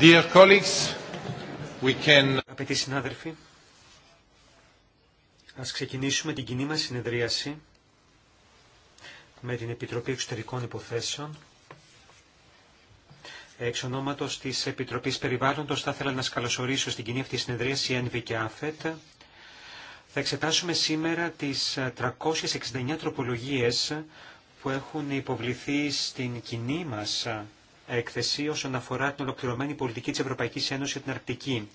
Dear colleagues, we can... Αγαπητοί συνάδελφοι, ας ξεκινήσουμε την κοινή μας συνεδρίαση με την Επιτροπή Εξωτερικών Υποθέσεων. Εξ ονόματος της Επιτροπής Περιβάλλοντος θα ήθελα να σας καλωσορίσω στην κοινή αυτή συνεδρίαση ΕΝΒΙ και ΑΦΕΤ. Θα εξετάσουμε σήμερα τις 369 τροπολογίες που έχουν υποβληθεί στην κοινή μα έκθεση όσον αφορά την ολοκληρωμένη πολιτική τη Ευρωπαϊκή Ένωση για την Αρκτική.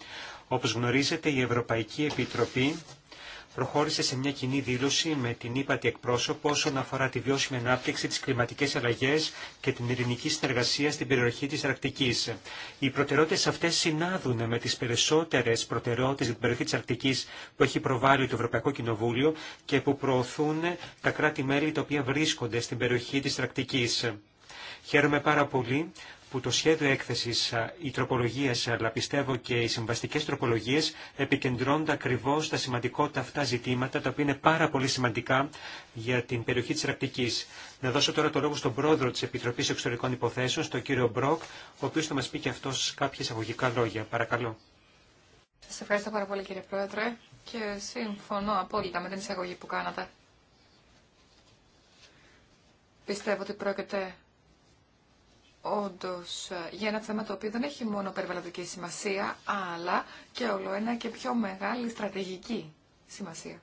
Όπως γνωρίζετε, η Ευρωπαϊκή Επιτροπή προχώρησε σε μια κοινή δήλωση με την ύπατη εκπρόσωπο όσον αφορά τη βιώσιμη ανάπτυξη, τι κλιματικέ αλλαγέ και την ειρηνική συνεργασία στην περιοχή τη Αρκτική. Οι προτεραιότητε αυτέ συνάδουν με τι περισσότερε προτεραιότητε για την περιοχή τη Αρκτική που έχει προβάλλει το Ευρωπαϊκό Κοινοβούλιο και που προωθούν τα κράτη-μέλη τα οποία βρίσκονται στην περιοχή τη Αρκτική. Χαίρομαι πάρα πολύ που το σχέδιο έκθεσης, οι τροπολογίες, αλλά πιστεύω και οι συμβαστικές τροπολογίες, επικεντρώνονται ακριβώς τα σημαντικότητα αυτά ζητήματα, τα οποία είναι πάρα πολύ σημαντικά για την περιοχή της Ραπτικής. Να δώσω τώρα το λόγο στον πρόεδρο της Επιτροπής Εξωτερικών Υποθέσεων, τον κύριο Μπροκ, ο οποίος θα μας πει και αυτός κάποια εισαγωγικά λόγια. Παρακαλώ. Σας ευχαριστώ πάρα πολύ κύριε Πρόεδρε και συμφωνώ απόλυτα με την εισαγωγή που κάνατε. Πιστεύω ότι πρόκειται Όντω ε, για ένα θέμα το οποίο δεν έχει μόνο περιβαλλοντική σημασία, αλλά και όλο ένα και πιο μεγάλη στρατηγική σημασία.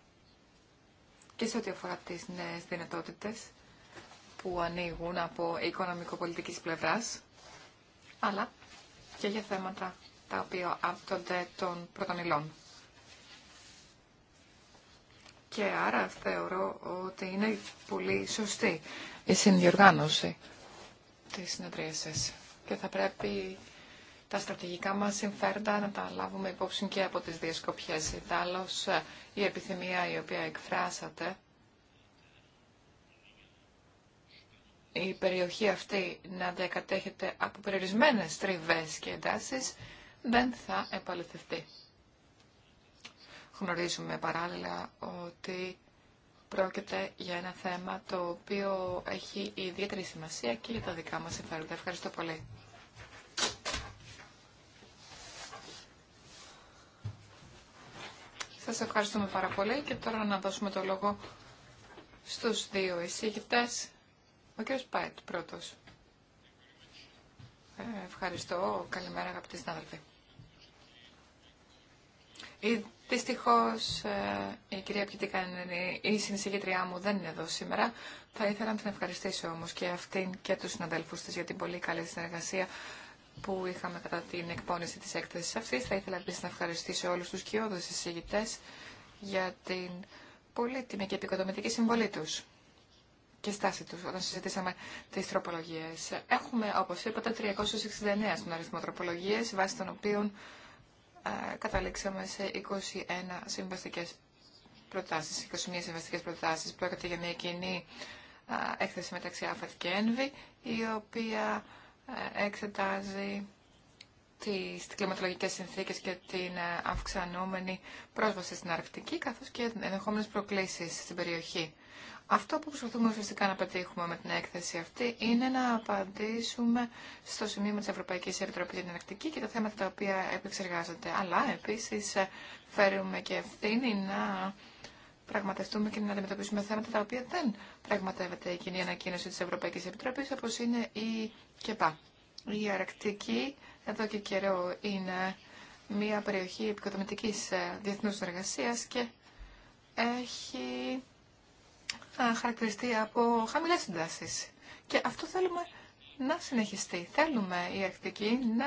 Και σε ό,τι αφορά τις νέες δυνατότητες που ανοίγουν από οικονομικοπολιτικής πλευράς, αλλά και για θέματα τα οποία άπτονται των πρωτονυλών. Και άρα θεωρώ ότι είναι πολύ σωστή η συνδιοργάνωση τις σα. και θα πρέπει τα στρατηγικά μας συμφέροντα να τα λάβουμε υπόψη και από τις δύο σκοπιές. η επιθυμία η οποία εκφράσατε, η περιοχή αυτή να διακατέχεται από περιορισμένε τριβέ και εντάσεις, δεν θα επαληθευτεί. Γνωρίζουμε παράλληλα ότι Πρόκειται για ένα θέμα το οποίο έχει ιδιαίτερη σημασία και για τα δικά μας συμφέροντα. Ευχαριστώ πολύ. Σας ευχαριστούμε πάρα πολύ και τώρα να δώσουμε το λόγο στους δύο εισήγητες. Ο κ. Πάιτ πρώτος. Ε, ευχαριστώ. Καλημέρα αγαπητοί συνάδελφοι. Ε, Δυστυχώ ε, η κυρία Πιετικάνη, η συνεισηγητριά μου δεν είναι εδώ σήμερα. Θα ήθελα να την ευχαριστήσω όμω και αυτήν και του συναδέλφου τη για την πολύ καλή συνεργασία που είχαμε κατά την εκπόνηση τη έκθεση αυτή. Θα ήθελα επίση να ευχαριστήσω όλου του κοιόδου συζητητέ για την πολύτιμη και επικοδομητική συμβολή του και στάση του όταν συζητήσαμε τι τροπολογίε. Έχουμε, όπω είπατε, 369 στον αριθμό τροπολογίε, βάσει των οποίων ε, καταλήξαμε σε 21 συμβαστικές προτάσεις, 21 συμβαστικές προτάσεις. Πρόκειται για μια κοινή ε, έκθεση μεταξύ ΑΦΑΤ και ΕΝΒΗ, η οποία ε, εξετάζει τις κλιματολογικές συνθήκες και την αυξανόμενη πρόσβαση στην Αρκτική, καθώς και ενδεχόμενες προκλήσεις στην περιοχή. Αυτό που προσπαθούμε ουσιαστικά να πετύχουμε με την έκθεση αυτή είναι να απαντήσουμε στο σημείο τη Ευρωπαϊκή Επιτροπή για την Αρακτική και τα θέματα τα οποία επεξεργάζονται. Αλλά επίση ε, φέρουμε και ευθύνη να πραγματευτούμε και να αντιμετωπίσουμε θέματα τα οποία δεν πραγματεύεται η κοινή ανακοίνωση τη Ευρωπαϊκή Επιτροπή, όπω είναι η ΚΕΠΑ. Η Αρακτική εδώ και καιρό είναι μια περιοχή επικοδομητική ε, διεθνού εργασίας και έχει χαρακτηριστεί από χαμηλέ συντάσει. Και αυτό θέλουμε να συνεχιστεί. Θέλουμε η Αρκτική να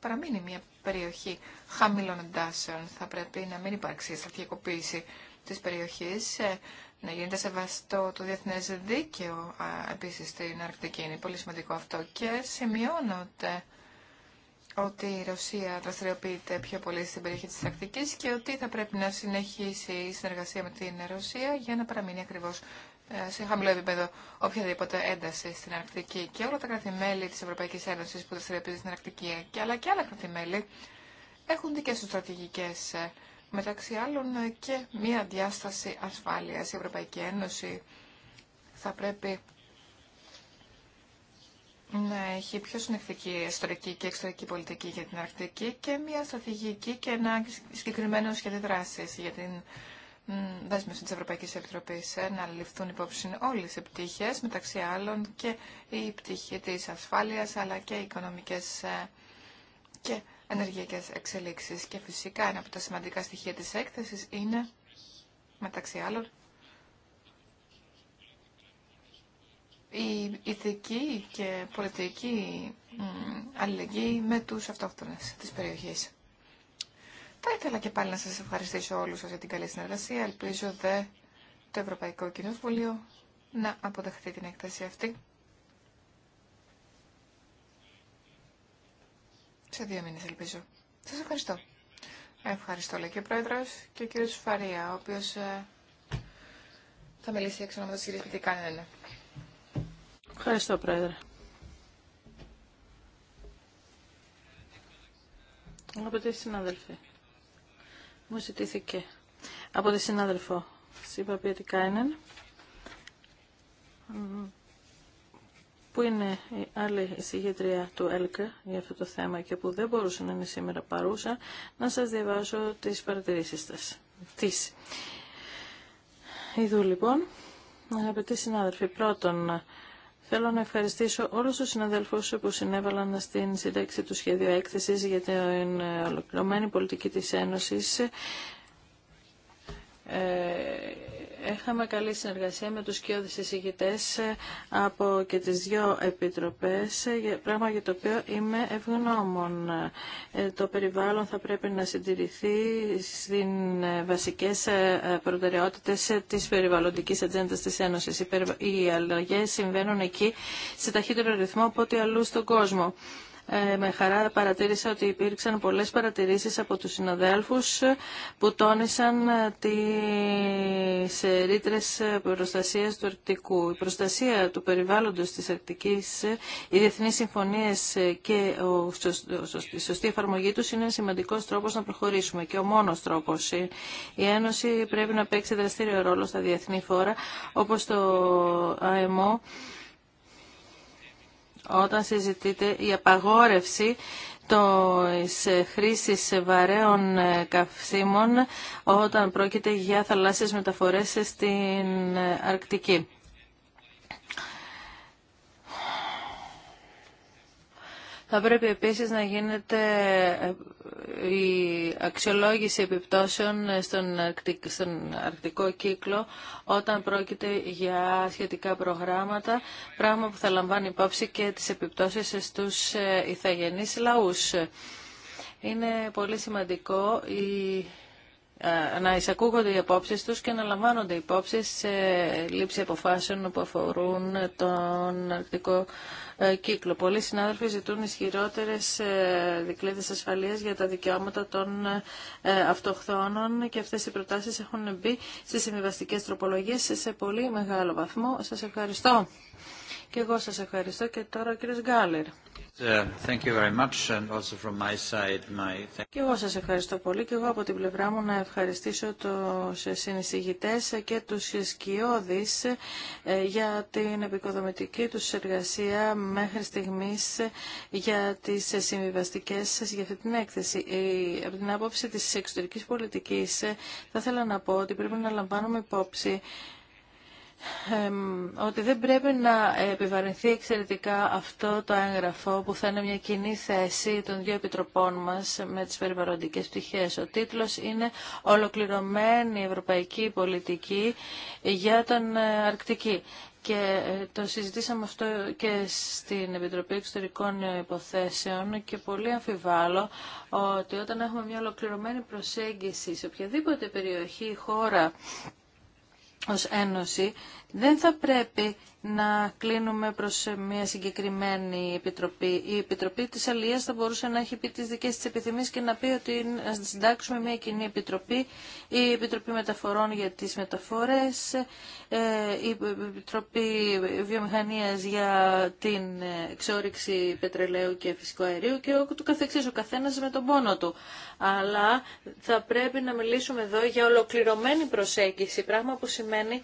παραμείνει μια περιοχή χαμηλών εντάσεων. Θα πρέπει να μην υπάρξει στρατηγικοποίηση τη περιοχή, ε, να γίνεται σεβαστό το διεθνέ δίκαιο επίση στην Αρκτική. Είναι πολύ σημαντικό αυτό και σημειώνονται ότι η Ρωσία δραστηριοποιείται πιο πολύ στην περιοχή της Αρκτικής και ότι θα πρέπει να συνεχίσει η συνεργασία με την Ρωσία για να παραμείνει ακριβώς ε, σε χαμηλό επίπεδο οποιαδήποτε ένταση στην Αρκτική και όλα τα κράτη-μέλη της Ευρωπαϊκής Ένωσης που δραστηριοποιούνται στην Αρκτική και αλλά και άλλα έχουν δικέ του στρατηγικέ. Ε, μεταξύ άλλων ε, και μία διάσταση ασφάλειας. Η Ευρωπαϊκή Ένωση θα πρέπει να έχει πιο συνεχτική ιστορική και εξωτερική πολιτική για την Αρκτική και μία στρατηγική και ένα συγκεκριμένο σχέδιο δράση για την δέσμευση της Ευρωπαϊκής Επιτροπής ε, να ληφθούν υπόψη όλες οι πτυχές, μεταξύ άλλων και η πτυχή της ασφάλειας, αλλά και οι οικονομικές ε, και ενεργειακές εξελίξεις. Και φυσικά ένα από τα σημαντικά στοιχεία της έκθεσης είναι, μεταξύ άλλων, η ηθική και πολιτική αλληλεγγύη με τους αυτόχθονες της περιοχής. Θα ήθελα και πάλι να σας ευχαριστήσω όλους σας για την καλή συνεργασία. Ελπίζω δε το Ευρωπαϊκό Κοινοβούλιο να αποδεχθεί την έκθεση αυτή. Σε δύο μήνες ελπίζω. Σας ευχαριστώ. Ευχαριστώ λέει και ο Πρόεδρος και ο κύριος Φαρία, ο οποίος ε, θα μιλήσει εξ να της ναι, ναι. Ευχαριστώ Πρόεδρε. Αγαπητοί συναδελφοί μου ζητήθηκε από τη συνάδελφο Σύπα Πιετικάινεν που είναι η άλλη εισηγήτρια του ΕΛΚ για αυτό το θέμα και που δεν μπορούσε να είναι σήμερα παρούσα, να σας διαβάσω τις παρατηρήσεις σας. Τις. Ιδού λοιπόν, αγαπητοί συνάδελφοι, πρώτον, Θέλω να ευχαριστήσω όλους τους συναδελφούς που συνέβαλαν στην σύνταξη του σχέδιου έκθεσης για την ολοκληρωμένη πολιτική της Ένωσης ε, Έχαμε καλή συνεργασία με τους κοιόδης εισηγητές ε, από και τις δύο επιτροπές, ε, πράγμα για το οποίο είμαι ευγνώμων. Ε, το περιβάλλον θα πρέπει να συντηρηθεί στις βασικές προτεραιότητες της περιβαλλοντικής ατζέντας της Ένωσης. Οι αλλαγές συμβαίνουν εκεί σε ταχύτερο ρυθμό από ό,τι αλλού στον κόσμο. Ε, με χαρά παρατήρησα ότι υπήρξαν πολλές παρατηρήσεις από τους συναδέλφους που τόνισαν ε, τις ρήτρες προστασίας του Αρκτικού. Η προστασία του περιβάλλοντος της Αρκτικής, ε, οι διεθνείς συμφωνίες και η σωστή εφαρμογή τους είναι σημαντικός τρόπος να προχωρήσουμε και ο μόνος τρόπος. Η Ένωση πρέπει να παίξει δραστήριο ρόλο στα διεθνή φόρα όπως το ΑΕΜΟ όταν συζητείται η απαγόρευση της χρήση βαρέων καυσίμων όταν πρόκειται για θαλάσσιες μεταφορές στην Αρκτική. Θα πρέπει επίσης να γίνεται ε, η αξιολόγηση επιπτώσεων στον, αρκτικ, αρκτικό κύκλο όταν πρόκειται για σχετικά προγράμματα, πράγμα που θα λαμβάνει υπόψη και τις επιπτώσεις στους ε, ηθαγενείς λαούς. Είναι πολύ σημαντικό να εισακούγονται οι απόψεις τους και να λαμβάνονται υπόψη σε λήψη αποφάσεων που αφορούν τον αρκτικό ε, κύκλο. Πολλοί συνάδελφοι ζητούν ισχυρότερες ε, δικλείδες ασφαλείας για τα δικαιώματα των ε, αυτοχθόνων και αυτές οι προτάσεις έχουν μπει στις συμβιβαστικές τροπολογίες σε πολύ μεγάλο βαθμό. Σας ευχαριστώ. Και εγώ σας ευχαριστώ και τώρα ο κύριος Γκάλερ εγώ σας ευχαριστώ πολύ και εγώ από την πλευρά μου να ευχαριστήσω τους συνεισηγητές και τους σκιώδεις ε, για την επικοδομητική τους εργασία μέχρι στιγμής για τις συμβιβαστικές σας για αυτή την έκθεση. Από την άποψη της εξωτερικής πολιτικής ε, θα ήθελα να πω ότι πρέπει να λαμβάνουμε υπόψη ότι δεν πρέπει να επιβαρυνθεί εξαιρετικά αυτό το έγγραφο που θα είναι μια κοινή θέση των δύο επιτροπών μας με τις περιβαλλοντικές πτυχές. Ο τίτλος είναι «Ολοκληρωμένη Ευρωπαϊκή Πολιτική για τον ε, Αρκτική». Και ε, το συζητήσαμε αυτό και στην Επιτροπή Εξωτερικών Υποθέσεων και πολύ αμφιβάλλω ότι όταν έχουμε μια ολοκληρωμένη προσέγγιση σε οποιαδήποτε περιοχή ή χώρα ως Ένωση δεν θα πρέπει να κλείνουμε προς μια συγκεκριμένη επιτροπή. Η Επιτροπή της Αλίας θα μπορούσε να έχει πει τις δικές της επιθυμίες και να πει ότι να συντάξουμε μια κοινή επιτροπή, η Επιτροπή Μεταφορών για τις Μεταφορές, ε, η Επιτροπή Βιομηχανίας για την ε, εξόριξη πετρελαίου και φυσικού αερίου και του καθεξής, ο καθένας με τον πόνο του. Αλλά θα πρέπει να μιλήσουμε εδώ για ολοκληρωμένη προσέγγιση, πράγμα που σημαίνει σημαίνει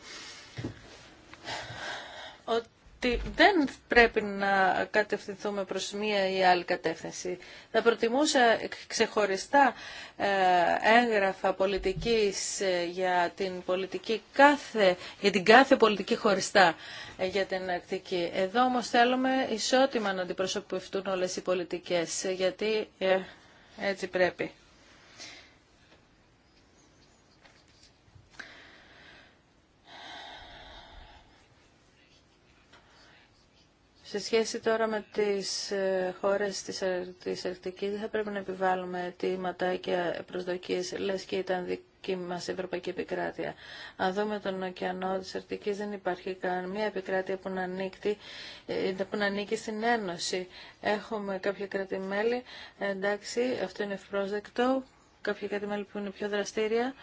ότι δεν πρέπει να κατευθυνθούμε προς μία ή άλλη κατεύθυνση. Θα προτιμούσα ξεχωριστά ε, έγγραφα πολιτικής ε, για την, πολιτική κάθε, για την κάθε πολιτική χωριστά ε, για την Αρκτική. Εδώ όμως θέλουμε ισότιμα να αντιπροσωπευτούν όλες οι πολιτικές, γιατί έτσι πρέπει. Σε σχέση τώρα με τις ε, χώρες της, ε, της δεν θα πρέπει να επιβάλλουμε αιτήματα και προσδοκίες, λες και ήταν δική μας Ευρωπαϊκή Επικράτεια. Αν δούμε τον ωκεανό της Αρκτικής, δεν υπάρχει καμία επικράτεια που να, ανήκει, ε, που να ανήκει στην Ένωση. Έχουμε κάποια κράτη-μέλη, εντάξει, αυτό είναι ευπρόσδεκτο, κάποια κράτη-μέλη που είναι πιο δραστήρια,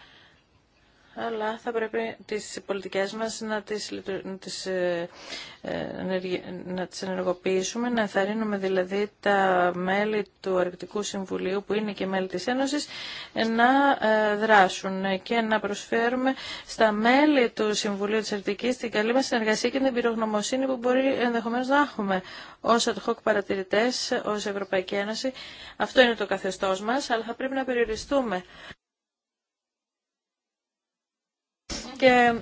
αλλά θα πρέπει τις πολιτικές μας να τις, να τις, ε, ε, να ενεργοποιήσουμε, να ενθαρρύνουμε δηλαδή τα μέλη του Αρκτικού Συμβουλίου, που είναι και μέλη της Ένωσης, να ε, δράσουν και να προσφέρουμε στα μέλη του Συμβουλίου της Αρκτικής την καλή μας συνεργασία και την πυρογνωμοσύνη που μπορεί ενδεχομένως να έχουμε ως ad hoc παρατηρητές, ως Ευρωπαϊκή Ένωση. Αυτό είναι το καθεστώς μας, αλλά θα πρέπει να περιοριστούμε και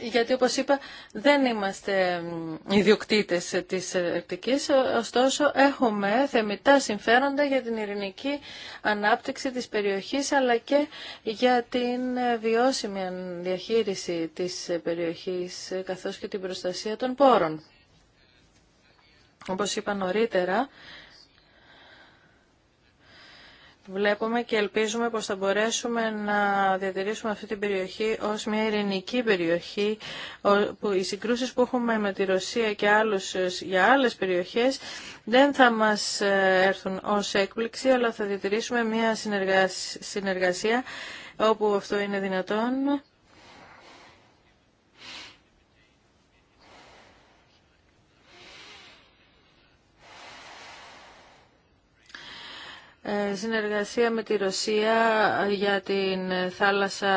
γιατί όπως είπα δεν είμαστε ιδιοκτήτες της Αρκτικής, ωστόσο έχουμε θεμητά συμφέροντα για την ειρηνική ανάπτυξη της περιοχής αλλά και για την βιώσιμη διαχείριση της περιοχής καθώς και την προστασία των πόρων. Όπως είπα νωρίτερα, βλέπουμε και ελπίζουμε πως θα μπορέσουμε να διατηρήσουμε αυτή την περιοχή ως μια ειρηνική περιοχή που οι συγκρούσεις που έχουμε με τη Ρωσία και άλλους για άλλες περιοχές δεν θα μας ε, έρθουν ως έκπληξη αλλά θα διατηρήσουμε μια συνεργασία όπου αυτό είναι δυνατόν Ε, συνεργασία με τη Ρωσία ε, για την ε, θάλασσα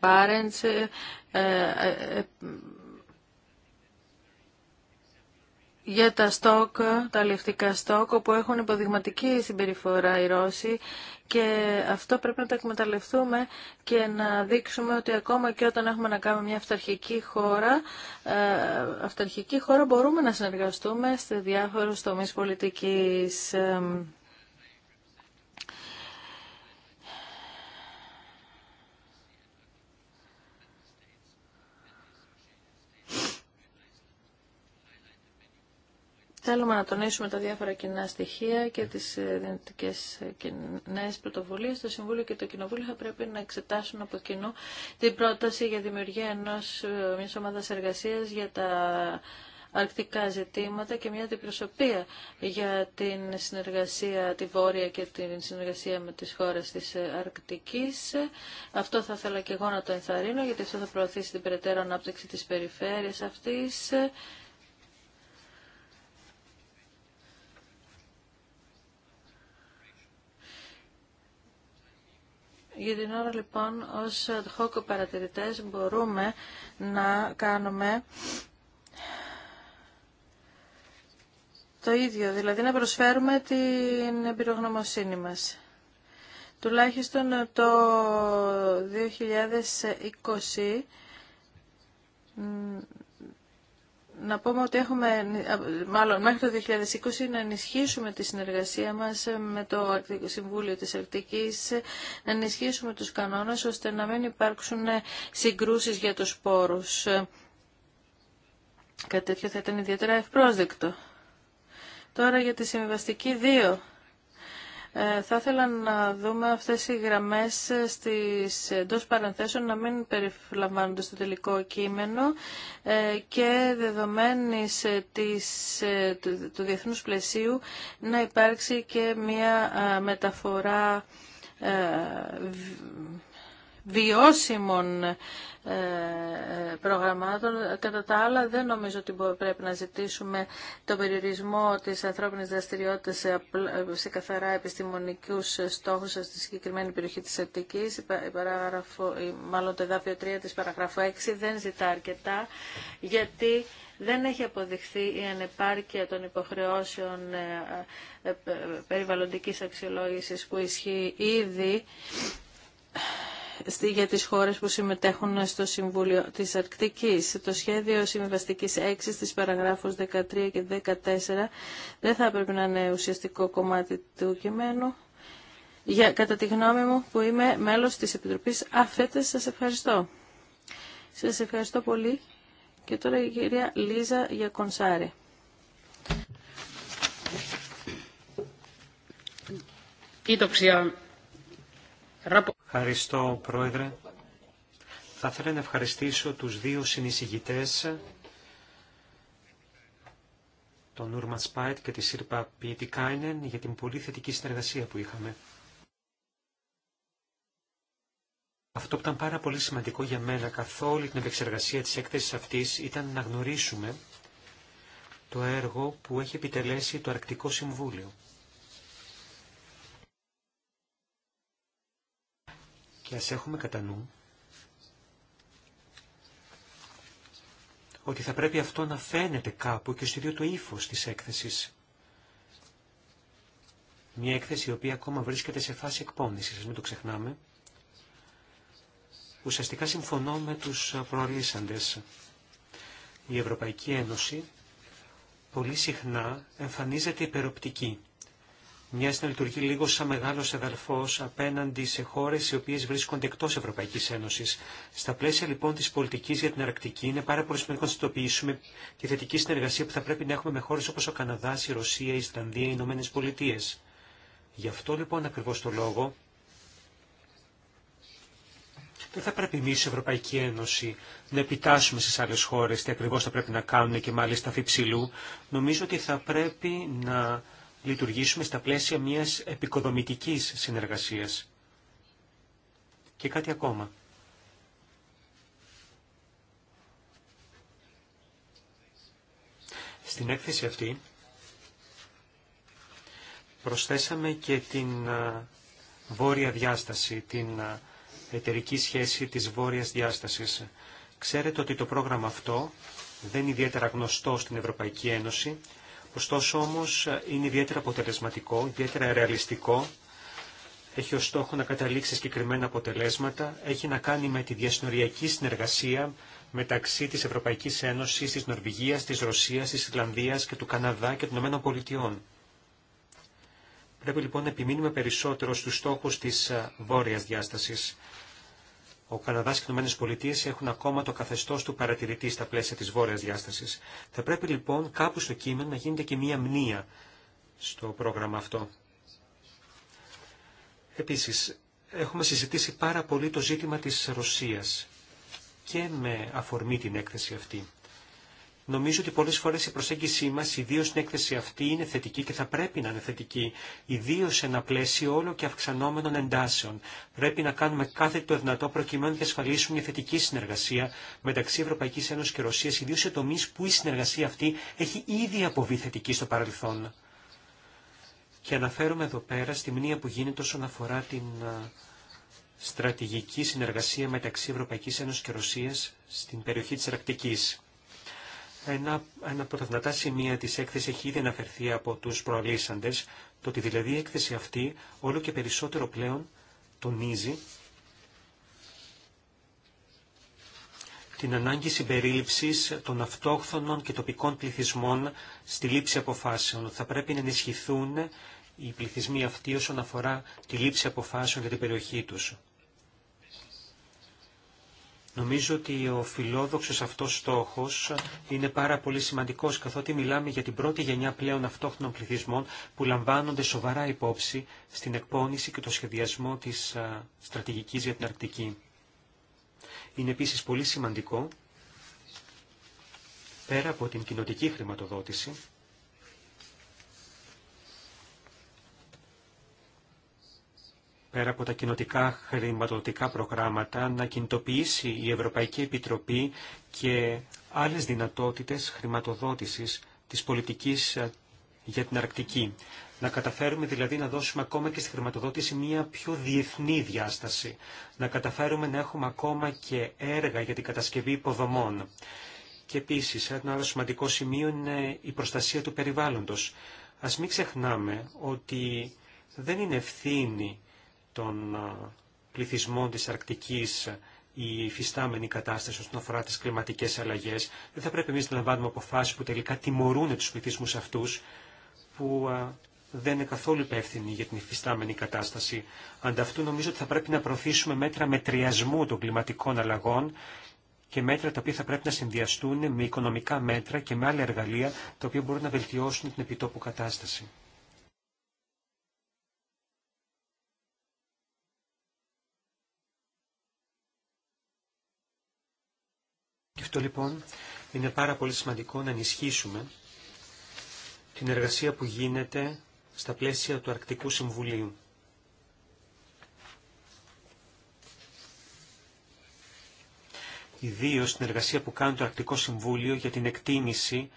Μπάρεντς, για τα στόκ, τα αλληλευτικά στόκ, όπου έχουν υποδειγματική συμπεριφορά οι Ρώσοι και αυτό πρέπει να το εκμεταλλευτούμε και να δείξουμε ότι ακόμα και όταν έχουμε να κάνουμε μια αυταρχική χώρα, αυταρχική χώρα μπορούμε να συνεργαστούμε σε διάφορους τομείς πολιτικής. Θέλουμε να τονίσουμε τα διάφορα κοινά στοιχεία και τις ε, δυνατικές ε, νέε πρωτοβουλίες. Το Συμβούλιο και το Κοινοβούλιο θα πρέπει να εξετάσουν από κοινού την πρόταση για δημιουργία ενός, ε, ομάδα εργασία για τα αρκτικά ζητήματα και μια αντιπροσωπεία για την συνεργασία, τη Βόρεια και την συνεργασία με τις χώρες της Αρκτικής. Αυτό θα ήθελα και εγώ να το ενθαρρύνω, γιατί αυτό θα προωθήσει την περαιτέρω ανάπτυξη της περιφέρειας αυτής Για την ώρα λοιπόν ως ad παρατηρητές μπορούμε να κάνουμε το ίδιο, δηλαδή να προσφέρουμε την εμπειρογνωμοσύνη μας. Τουλάχιστον το 2020 να πούμε ότι έχουμε, μάλλον μέχρι το 2020, να ενισχύσουμε τη συνεργασία μας με το Συμβούλιο της Αρκτικής, να ενισχύσουμε τους κανόνες ώστε να μην υπάρξουν συγκρούσεις για τους πόρους. Κάτι τέτοιο θα ήταν ιδιαίτερα ευπρόσδεκτο. Τώρα για τη συμβιβαστική 2. Ε, θα ήθελα να δούμε αυτές οι γραμμές ε, στις εντός παρανθέσεων να μην περιλαμβάνονται στο τελικό κείμενο ε, και δεδομένης του, του διεθνούς πλαισίου να υπάρξει και μια μεταφορά βιώσιμων ε, προγραμμάτων. Κατά τα άλλα, δεν νομίζω ότι πρέπει να ζητήσουμε τον περιορισμό της ανθρώπινης δραστηριότητας σε καθαρά επιστημονικούς στόχους στη συγκεκριμένη περιοχή της Αττικής. Η παράγραφο, μάλλον το εδάφιο 3 της παραγράφου 6 δεν ζητά αρκετά, γιατί δεν έχει αποδειχθεί η ανεπάρκεια των υποχρεώσεων ε, ε, περιβαλλοντικής αξιολόγησης που ισχύει ήδη για τις χώρες που συμμετέχουν στο Συμβούλιο της Αρκτικής. Το σχέδιο συμβιβαστικής 6 της παραγράφους 13 και 14 δεν θα έπρεπε να είναι ουσιαστικό κομμάτι του κειμένου. Για, κατά τη γνώμη μου που είμαι μέλος της Επιτροπής Αφέτες, σας ευχαριστώ. Σας ευχαριστώ πολύ. Και τώρα η κυρία Λίζα Γιακονσάρη. Ευχαριστώ, Πρόεδρε. Θα ήθελα να ευχαριστήσω τους δύο συνεισηγητές, τον Ούρμαν Σπάιτ και τη Σύρπα Πιετικάινεν, για την πολύ θετική συνεργασία που είχαμε. Αυτό που ήταν πάρα πολύ σημαντικό για μένα καθ' όλη την επεξεργασία της έκθεσης αυτής ήταν να γνωρίσουμε το έργο που έχει επιτελέσει το Αρκτικό Συμβούλιο. Και ας έχουμε κατά νου ότι θα πρέπει αυτό να φαίνεται κάπου και στο ίδιο το ύφος της έκθεσης. Μια έκθεση η οποία ακόμα βρίσκεται σε φάση εκπόμνησης, μην το ξεχνάμε. Ουσιαστικά συμφωνώ με τους προορίσαντες. Η Ευρωπαϊκή Ένωση πολύ συχνά εμφανίζεται υπεροπτική. Μια να λειτουργεί λίγο σαν μεγάλο αδερφό απέναντι σε χώρε οι οποίε βρίσκονται εκτό Ευρωπαϊκή Ένωση. Στα πλαίσια λοιπόν τη πολιτική για την Αρκτική είναι πάρα πολύ σημαντικό να συνειδητοποιήσουμε τη θετική συνεργασία που θα πρέπει να έχουμε με χώρε όπω ο Καναδά, η Ρωσία, η Ισλανδία, οι Ηνωμένε Πολιτείε. Γι' αυτό λοιπόν ακριβώ το λόγο δεν θα πρέπει εμεί, η Ευρωπαϊκή Ένωση, να επιτάσσουμε στι άλλε χώρε τι ακριβώ θα πρέπει να κάνουν και μάλιστα αφιψηλού. Νομίζω ότι θα πρέπει να λειτουργήσουμε στα πλαίσια μιας επικοδομητικής συνεργασίας. Και κάτι ακόμα. Στην έκθεση αυτή προσθέσαμε και την βόρεια διάσταση, την εταιρική σχέση της βόρειας διάστασης. Ξέρετε ότι το πρόγραμμα αυτό δεν είναι ιδιαίτερα γνωστό στην Ευρωπαϊκή Ένωση Ωστόσο όμως είναι ιδιαίτερα αποτελεσματικό, ιδιαίτερα ρεαλιστικό. Έχει ως στόχο να καταλήξει συγκεκριμένα αποτελέσματα. Έχει να κάνει με τη διασυνοριακή συνεργασία μεταξύ της Ευρωπαϊκής Ένωσης, της Νορβηγίας, της Ρωσίας, της Ιρλανδίας και του Καναδά και των Ηνωμένων Πολιτειών. Πρέπει λοιπόν να επιμείνουμε περισσότερο στους στόχους της ε, βόρειας διάστασης. Ο Καναδά και οι ΗΠΑ έχουν ακόμα το καθεστώ του παρατηρητή στα πλαίσια τη βόρεια διάσταση. Θα πρέπει λοιπόν κάπου στο κείμενο να γίνεται και μία μνήα στο πρόγραμμα αυτό. Επίση, έχουμε συζητήσει πάρα πολύ το ζήτημα τη Ρωσία και με αφορμή την έκθεση αυτή. Νομίζω ότι πολλές φορές η προσέγγιση μας, ιδίω στην έκθεση αυτή, είναι θετική και θα πρέπει να είναι θετική, ιδίω σε ένα πλαίσιο όλο και αυξανόμενων εντάσεων. Πρέπει να κάνουμε κάθε το δυνατό προκειμένου να διασφαλίσουμε μια θετική συνεργασία μεταξύ Ευρωπαϊκής Ένωσης και Ρωσίας, ιδίω σε τομείς που η συνεργασία αυτή έχει ήδη αποβεί θετική στο παρελθόν. Και αναφέρομαι εδώ πέρα στη μνήμα που γίνεται όσον αφορά την στρατηγική συνεργασία μεταξύ Ευρωπαϊκής Ένωσης και Ρωσίας στην περιοχή της Αρκτικής. Ένα, ένα από τα δυνατά σημεία της έκθεσης έχει ήδη αναφερθεί από τους προαλήσαντες, το ότι δηλαδή η έκθεση αυτή όλο και περισσότερο πλέον τονίζει την ανάγκη συμπερίληψης των αυτόχθονων και τοπικών πληθυσμών στη λήψη αποφάσεων. Θα πρέπει να ενισχυθούν οι πληθυσμοί αυτοί όσον αφορά τη λήψη αποφάσεων για την περιοχή τους. Νομίζω ότι ο φιλόδοξος αυτός στόχος είναι πάρα πολύ σημαντικός, καθότι μιλάμε για την πρώτη γενιά πλέον αυτόχνων πληθυσμών που λαμβάνονται σοβαρά υπόψη στην εκπόνηση και το σχεδιασμό της στρατηγικής για την Αρκτική. Είναι επίσης πολύ σημαντικό, πέρα από την κοινοτική χρηματοδότηση, πέρα από τα κοινοτικά χρηματοδοτικά προγράμματα, να κινητοποιήσει η Ευρωπαϊκή Επιτροπή και άλλες δυνατότητες χρηματοδότησης της πολιτικής ε, για την Αρκτική. Να καταφέρουμε δηλαδή να δώσουμε ακόμα και στη χρηματοδότηση μια πιο διεθνή διάσταση. Να καταφέρουμε να έχουμε ακόμα και έργα για την κατασκευή υποδομών. Και επίσης, ένα άλλο σημαντικό σημείο είναι η προστασία του περιβάλλοντος. Ας μην ξεχνάμε ότι δεν είναι ευθύνη των ε, πληθυσμών της Αρκτικής η υφιστάμενη κατάσταση όσον αφορά τι κλιματικέ αλλαγέ. Δεν θα πρέπει εμεί να λαμβάνουμε αποφάσει που τελικά τιμωρούν του πληθυσμού αυτού, που ε, δεν είναι καθόλου υπεύθυνοι για την υφιστάμενη κατάσταση. Ανταυτού νομίζω ότι θα πρέπει να προωθήσουμε μέτρα μετριασμού των κλιματικών αλλαγών και μέτρα τα οποία θα πρέπει να συνδυαστούν με οικονομικά μέτρα και με άλλα εργαλεία τα οποία μπορούν να βελτιώσουν την επιτόπου κατάσταση. αυτό λοιπόν είναι πάρα πολύ σημαντικό να ενισχύσουμε την εργασία που γίνεται στα πλαίσια του Αρκτικού Συμβουλίου. Ιδίω την εργασία που κάνει το Αρκτικό Συμβούλιο για την εκτίμηση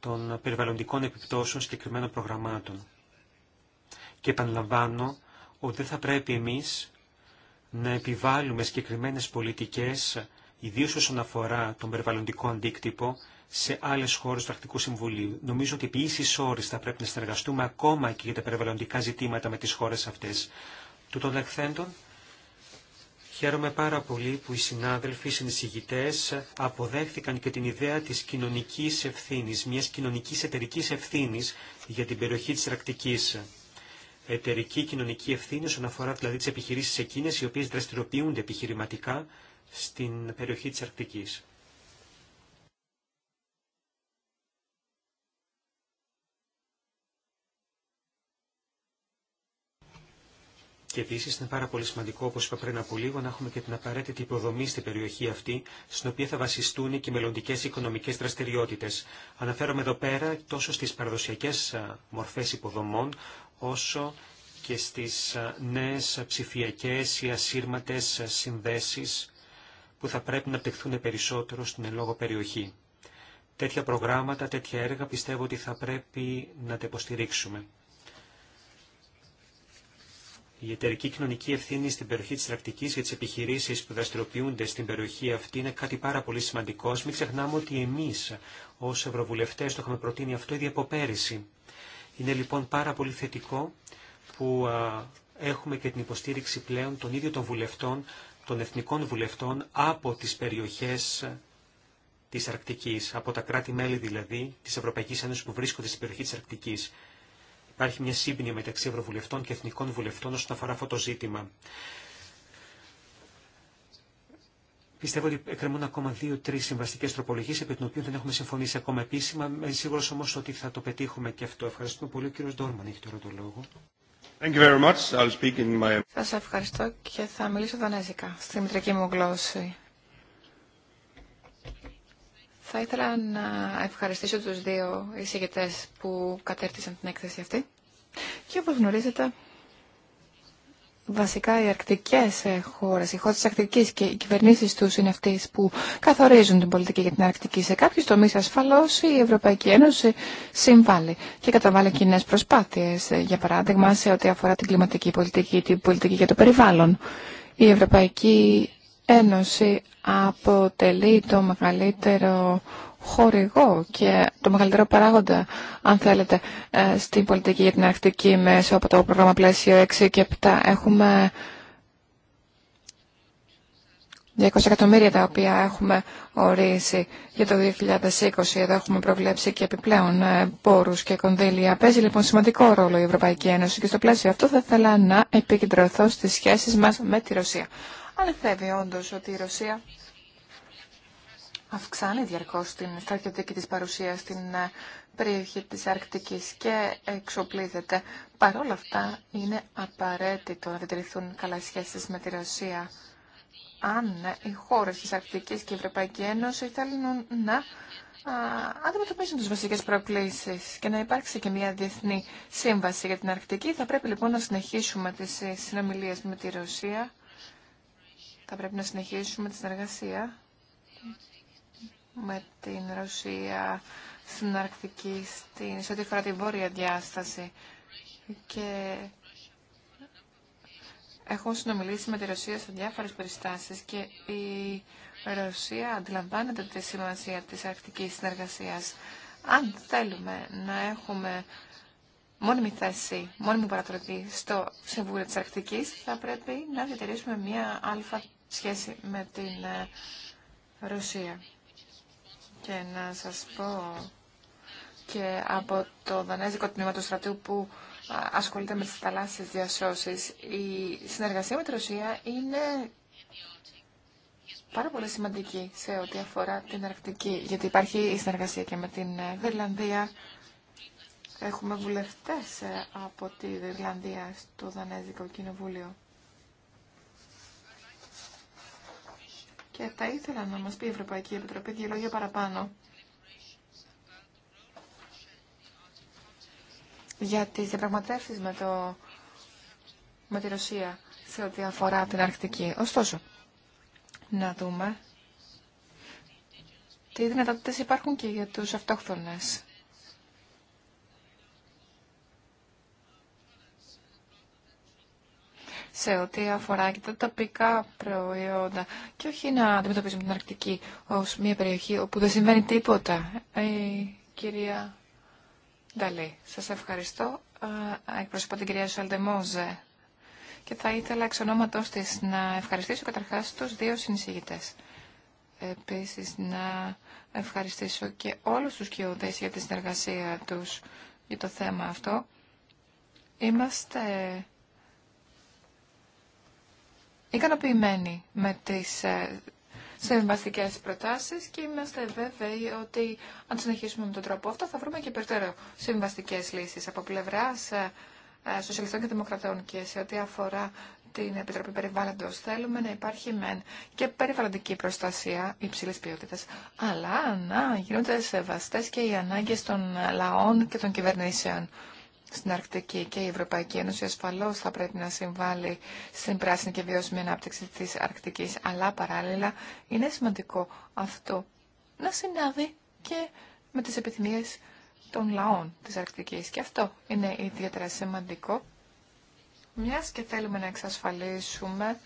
των περιβαλλοντικών επιπτώσεων συγκεκριμένων προγραμμάτων. Και επαναλαμβάνω ότι δεν θα πρέπει εμείς να επιβάλλουμε συγκεκριμένε πολιτικές ιδίω όσον αφορά τον περιβαλλοντικό αντίκτυπο, σε άλλε χώρε του Αρκτικού Συμβουλίου. Νομίζω ότι επί ίση όρη θα πρέπει να συνεργαστούμε ακόμα και για τα περιβαλλοντικά ζητήματα με τι χώρε αυτέ. Του των εκθέντων, χαίρομαι πάρα πολύ που οι συνάδελφοι οι συνεισηγητέ αποδέχθηκαν και την ιδέα τη κοινωνική ευθύνη, μια κοινωνική εταιρική ευθύνη για την περιοχή τη Αρκτική. Εταιρική κοινωνική ευθύνη όσον αφορά δηλαδή τι επιχειρήσει εκείνε οι οποίε δραστηριοποιούνται επιχειρηματικά στην περιοχή της Αρκτικής. Και επίση είναι πάρα πολύ σημαντικό, όπω είπα πριν από λίγο, να έχουμε και την απαραίτητη υποδομή στην περιοχή αυτή, στην οποία θα βασιστούν και μελλοντικέ οικονομικέ δραστηριότητε. Αναφέρομαι εδώ πέρα τόσο στι παραδοσιακέ μορφέ υποδομών, όσο και στι νέε ψηφιακέ ή ασύρματε συνδέσει που θα πρέπει να πτυχθούν περισσότερο στην ελόγω περιοχή. Τέτοια προγράμματα, τέτοια έργα πιστεύω ότι θα πρέπει να τα υποστηρίξουμε. Η εταιρική κοινωνική ευθύνη στην περιοχή τη Τρακτική για τι επιχειρήσει που δραστηριοποιούνται στην περιοχή αυτή είναι κάτι πάρα πολύ σημαντικό. Μην ξεχνάμε ότι εμεί ω Ευρωβουλευτέ το είχαμε προτείνει αυτό ήδη από πέρυσι. Είναι λοιπόν πάρα πολύ θετικό που έχουμε και την υποστήριξη πλέον των ίδιων των βουλευτών των εθνικών βουλευτών από τις περιοχές της Αρκτικής, από τα κράτη-μέλη δηλαδή της Ευρωπαϊκής Ένωσης που βρίσκονται στην περιοχή της Αρκτικής. Υπάρχει μια σύμπνοια μεταξύ Ευρωβουλευτών και Εθνικών Βουλευτών όσον αφορά αυτό το ζήτημα. Πιστεύω ότι εκκρεμούν ακόμα δύο-τρει συμβαστικέ τροπολογίε, επί των οποίων δεν έχουμε συμφωνήσει ακόμα επίσημα. Είμαι σίγουρο όμω ότι θα το πετύχουμε και αυτό. Ευχαριστούμε πολύ. Ο κύριο Ντόρμαν έχει τώρα το λόγο. Thank Σας ευχαριστώ και θα μιλήσω δανέζικα, στη μητρική μου γλώσσα. Θα ήθελα να ευχαριστήσω τους δύο εισηγητές που κατέρτισαν την έκθεση αυτή. Και όπως γνωρίζετε, βασικά οι αρκτικές ε, χώρες, οι χώρες της Αρκτικής και οι κυβερνήσεις τους είναι αυτές που καθορίζουν την πολιτική για την Αρκτική. Σε κάποιους τομείς ασφαλώς η Ευρωπαϊκή Ένωση συμβάλλει και καταβάλλει κοινέ προσπάθειες, ε, για παράδειγμα σε ό,τι αφορά την κλιματική πολιτική, την πολιτική για το περιβάλλον. Η Ευρωπαϊκή Ένωση αποτελεί το μεγαλύτερο χορηγό και το μεγαλύτερο παράγοντα, αν θέλετε, ε, στην πολιτική για την Αρκτική μέσω από το πρόγραμμα πλαίσιο 6 και 7. Έχουμε 200 εκατομμύρια τα οποία έχουμε ορίσει για το 2020. Εδώ έχουμε προβλέψει και επιπλέον ε, πόρου και κονδύλια. Παίζει λοιπόν σημαντικό ρόλο η Ευρωπαϊκή Ένωση και στο πλαίσιο αυτό θα ήθελα να επικεντρωθώ στι σχέσει μα με τη Ρωσία. Αληθεύει όντω ότι η Ρωσία αυξάνει διαρκώ την στρατιωτική της παρουσία στην ε, περιοχή της Αρκτική και εξοπλίζεται. Παρ' όλα αυτά είναι απαραίτητο να διατηρηθούν καλά σχέσει με τη Ρωσία. Αν ε, οι χώρε τη Αρκτική και η Ευρωπαϊκή Ένωση θέλουν να αντιμετωπίσουν τι βασικέ προκλήσει και να υπάρξει και μια διεθνή σύμβαση για την Αρκτική, θα πρέπει λοιπόν να συνεχίσουμε τι ε, συνομιλίε με τη Ρωσία. Θα πρέπει να συνεχίσουμε τη συνεργασία με την Ρωσία στην Αρκτική, στην, σε ό,τι αφορά την βόρεια διάσταση. Και έχω συνομιλήσει με τη Ρωσία σε διάφορες περιστάσεις και η Ρωσία αντιλαμβάνεται τη σημασία της αρκτικής συνεργασίας. Αν θέλουμε να έχουμε μόνιμη θέση, μόνιμη παρατροπή στο Συμβούλιο της Αρκτικής, θα πρέπει να διατηρήσουμε μία αλφα σχέση με την ε, Ρωσία. Και να σας πω και από το Δανέζικο Τμήμα του Στρατού που ασχολείται με τις θαλάσσιες διασώσεις, η συνεργασία με τη Ρωσία είναι πάρα πολύ σημαντική σε ό,τι αφορά την Αρκτική, γιατί υπάρχει η συνεργασία και με την Βερλανδία. Ε, Έχουμε βουλευτές ε, από τη Βερλανδία στο Δανέζικο Κοινοβούλιο. Και θα ήθελα να μας πει η Ευρωπαϊκή Επιτροπή δύο λόγια παραπάνω. Για τις διαπραγματεύσεις με, το... με τη Ρωσία σε ό,τι αφορά την Αρκτική. Ωστόσο, να δούμε τι δυνατότητες υπάρχουν και για τους αυτόχθονες σε ό,τι αφορά και τα τοπικά προϊόντα και όχι να αντιμετωπίζουμε την Αρκτική ως μια περιοχή όπου δεν συμβαίνει τίποτα. Η ε, κυρία Νταλή, σας ευχαριστώ. Εκπροσωπώ την κυρία Σαλτεμόζε και θα ήθελα εξ ονόματός της να ευχαριστήσω καταρχάς τους δύο συνεισηγητές. Επίσης να ευχαριστήσω και όλους τους κοιοδές για τη συνεργασία τους για το θέμα αυτό. Είμαστε ικανοποιημένοι με τις ε, συμβαστικές προτάσεις και είμαστε βέβαιοι ότι αν συνεχίσουμε με τον τρόπο αυτό θα βρούμε και περαιτέρω συμβαστικές λύσεις από πλευράς ε, ε, σοσιαλιστών και δημοκρατών και σε ό,τι αφορά την Επιτροπή Περιβάλλοντος θέλουμε να υπάρχει μεν και περιβαλλοντική προστασία υψηλής ποιότητας, αλλά να γίνονται σεβαστές και οι ανάγκες των λαών και των κυβερνήσεων στην Αρκτική και η Ευρωπαϊκή Ένωση ασφαλώς θα πρέπει να συμβάλλει στην πράσινη και βιώσιμη ανάπτυξη της Αρκτικής, αλλά παράλληλα είναι σημαντικό αυτό να συνάδει και με τις επιθυμίες των λαών της Αρκτικής. Και αυτό είναι ιδιαίτερα σημαντικό, μιας και θέλουμε να εξασφαλίσουμε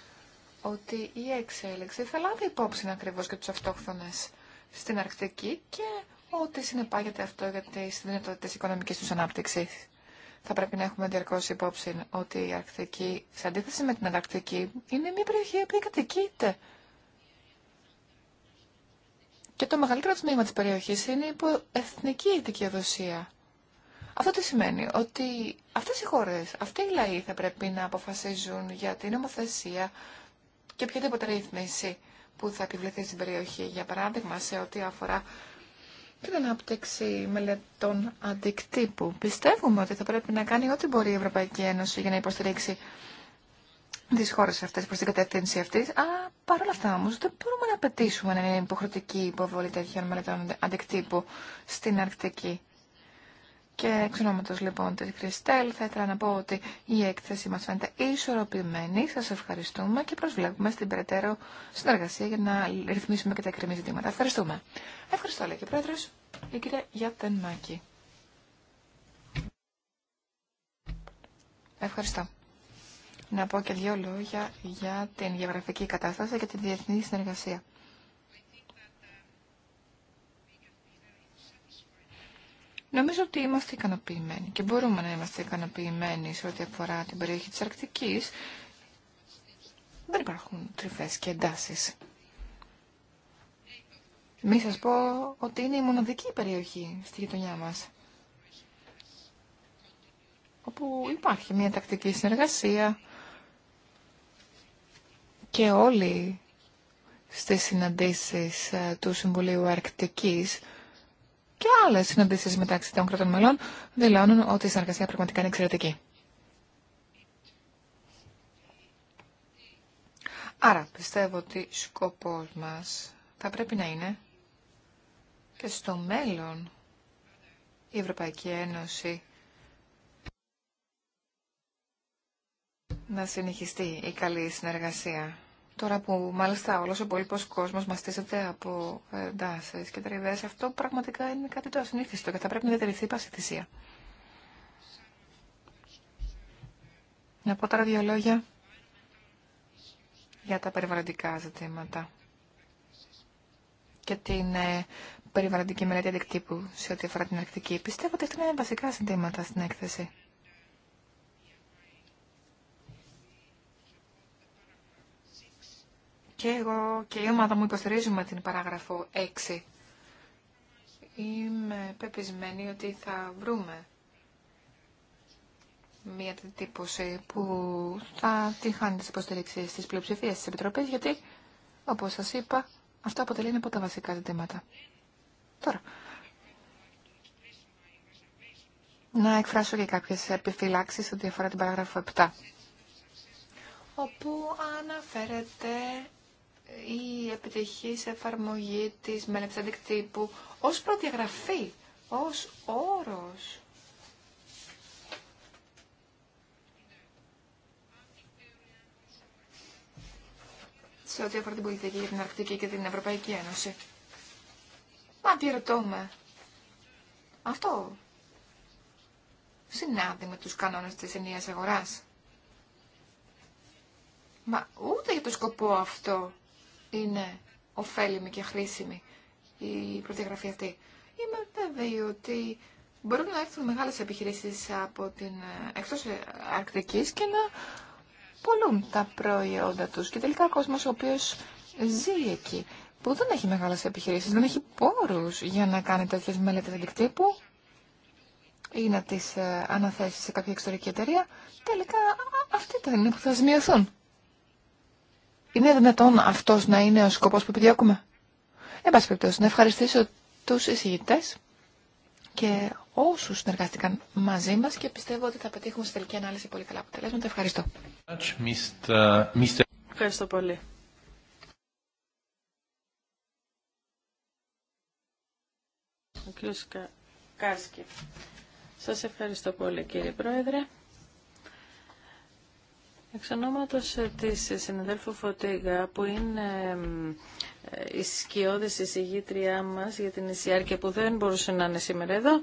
ότι η εξέλιξη θα λάβει υπόψη ακριβώς και τους αυτόχθονες στην Αρκτική και ό,τι συνεπάγεται αυτό για τις δυνατότητες οικονομικής τους ανάπτυξη θα πρέπει να έχουμε διαρκώ υπόψη ότι η Αρκτική, σε αντίθεση με την Ανταρκτική, είναι μια περιοχή που κατοικείται. Και το μεγαλύτερο τμήμα της περιοχής είναι υπό εθνική δικαιοδοσία. Αυτό τι σημαίνει, ότι αυτές οι χώρες, αυτοί οι λαοί θα πρέπει να αποφασίζουν για την νομοθεσία και οποιαδήποτε ρύθμιση που θα επιβληθεί στην περιοχή. Για παράδειγμα, σε ό,τι αφορά την ανάπτυξη μελετών αντικτύπου. Πιστεύουμε ότι θα πρέπει να κάνει ό,τι μπορεί η Ευρωπαϊκή Ένωση για να υποστηρίξει τι χώρε αυτέ προ την κατεύθυνση αυτή. Α, παρ' όλα αυτά όμω, δεν μπορούμε να απαιτήσουμε να είναι υποχρεωτική υποβολή τέτοιων μελετών αντικτύπου στην Αρκτική. Και εξ ονόματος λοιπόν της Κριστέλ θα ήθελα να πω ότι η έκθεση μας φαίνεται ισορροπημένη. Σας ευχαριστούμε και προσβλέπουμε στην περαιτέρω συνεργασία για να ρυθμίσουμε και τα εκκρεμή ζητήματα. Ευχαριστούμε. Ευχαριστώ λέει και πρόεδρος η κυρία Γιατενμάκη. Ευχαριστώ. Να πω και δύο λόγια για την γεωγραφική κατάσταση και τη διεθνή συνεργασία. Νομίζω ότι είμαστε ικανοποιημένοι και μπορούμε να είμαστε ικανοποιημένοι σε ό,τι αφορά την περιοχή της Αρκτικής. Δεν υπάρχουν τρυφές και εντάσεις. Μην σας πω ότι είναι η μοναδική περιοχή στη γειτονιά μας. Όπου υπάρχει μια τακτική συνεργασία και όλοι στις συναντήσεις ε, του Συμβουλίου Αρκτικής και άλλε συναντήσει μεταξύ των κρατών μελών δηλώνουν ότι η συνεργασία πραγματικά είναι εξαιρετική. Άρα πιστεύω ότι σκοπός μας θα πρέπει να είναι και στο μέλλον η Ευρωπαϊκή Ένωση να συνεχιστεί η καλή συνεργασία Τώρα που μάλιστα όλος ο υπόλοιπος κόσμο μαστίζεται από εντάσει και τριβέ, αυτό πραγματικά είναι κάτι το ασυνήθιστο και θα πρέπει να διατηρηθεί θυσία. Να πω τώρα δύο λόγια για τα περιβαλλοντικά ζητήματα και την ε, περιβαλλοντική μελέτη αντικτύπου σε ό,τι αφορά την Αρκτική. Πιστεύω ότι αυτά είναι βασικά ζητήματα στην έκθεση. και εγώ και η ομάδα μου υποστηρίζουμε την παράγραφο 6. Είμαι πεπισμένη ότι θα βρούμε μια τύπωση που θα τη χάνει τις υποστηρίξεις της πλειοψηφίας της Επιτροπής, γιατί, όπως σας είπα, αυτό αποτελεί από τα βασικά ζητήματα. Τώρα, να εκφράσω και κάποιες επιφυλάξεις ότι αφορά την παράγραφο 7 όπου αναφέρεται η επιτυχής εφαρμογή της μελεπισταντικ ω ως προδιαγραφή, ως όρος. σε ό,τι αφορά την πολιτική για την Αρκτική και την Ευρωπαϊκή Ένωση. Μα τι Αυτό συνάδει με τους κανόνες της ενίας αγοράς. Μα ούτε για το σκοπό αυτό είναι ωφέλιμη και χρήσιμη η προδιαγραφή αυτή. Είμαι βέβαιη ότι μπορούν να έρθουν μεγάλες επιχειρήσεις από την εκτός Αρκτικής και να πολλούν τα προϊόντα τους. Και τελικά ο κόσμος ο οποίος ζει εκεί, που δεν έχει μεγάλες επιχειρήσεις, δεν έχει πόρους για να κάνει τέτοιες μελέτες αντικτύπου ή να τις ε, αναθέσει σε κάποια εξωτερική εταιρεία, τελικά αυτοί τα είναι που θα ζημιωθούν. Είναι δυνατόν αυτός να είναι ο σκοπός που επιδιώκουμε. Εν πάση να ευχαριστήσω τους εισηγητές και όσους συνεργάστηκαν μαζί μας και πιστεύω ότι θα πετύχουμε σε τελική ανάλυση πολύ καλά αποτελέσματα. Ευχαριστώ. Ευχαριστώ πολύ. Ο Σας ευχαριστώ πολύ κύριε Πρόεδρε. Εξ ονόματος ε, της συναδέλφου Φωτίγα, που είναι ε, η σκιώδηση εισηγήτριά μας για την Ισιάρκεια που δεν μπορούσε να είναι σήμερα εδώ,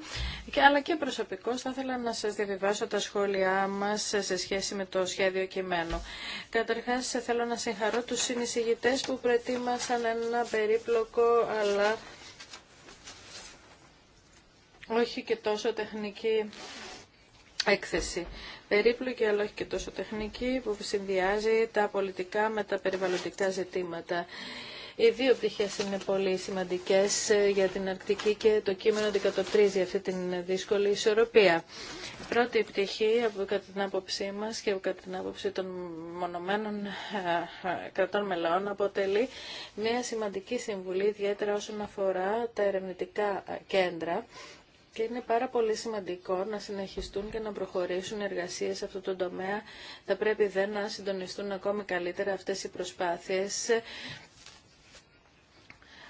αλλά και προσωπικό, θα ήθελα να σας διαβιβάσω τα σχόλιά μας σε σχέση με το σχέδιο κειμένου. Καταρχάς θέλω να συγχαρώ τους συνεισηγητές που προετοίμασαν ένα περίπλοκο αλλά όχι και τόσο τεχνική έκθεση περίπλοκη αλλά όχι και τόσο τεχνική που συνδυάζει τα πολιτικά με τα περιβαλλοντικά ζητήματα. Οι δύο πτυχέ είναι πολύ σημαντικέ ε, για την Αρκτική και το κείμενο αντικατοπτρίζει αυτή την δύσκολη ισορροπία. Η πρώτη πτυχή, κατά την άποψή μα και κατά την άποψη των μονομένων ε, ε, κρατών μελών, αποτελεί μια σημαντική συμβουλή, ιδιαίτερα όσον αφορά τα ερευνητικά κέντρα και είναι πάρα πολύ σημαντικό να συνεχιστούν και να προχωρήσουν εργασίες σε αυτό το τομέα. Θα πρέπει δεν να συντονιστούν ακόμη καλύτερα αυτές οι προσπάθειες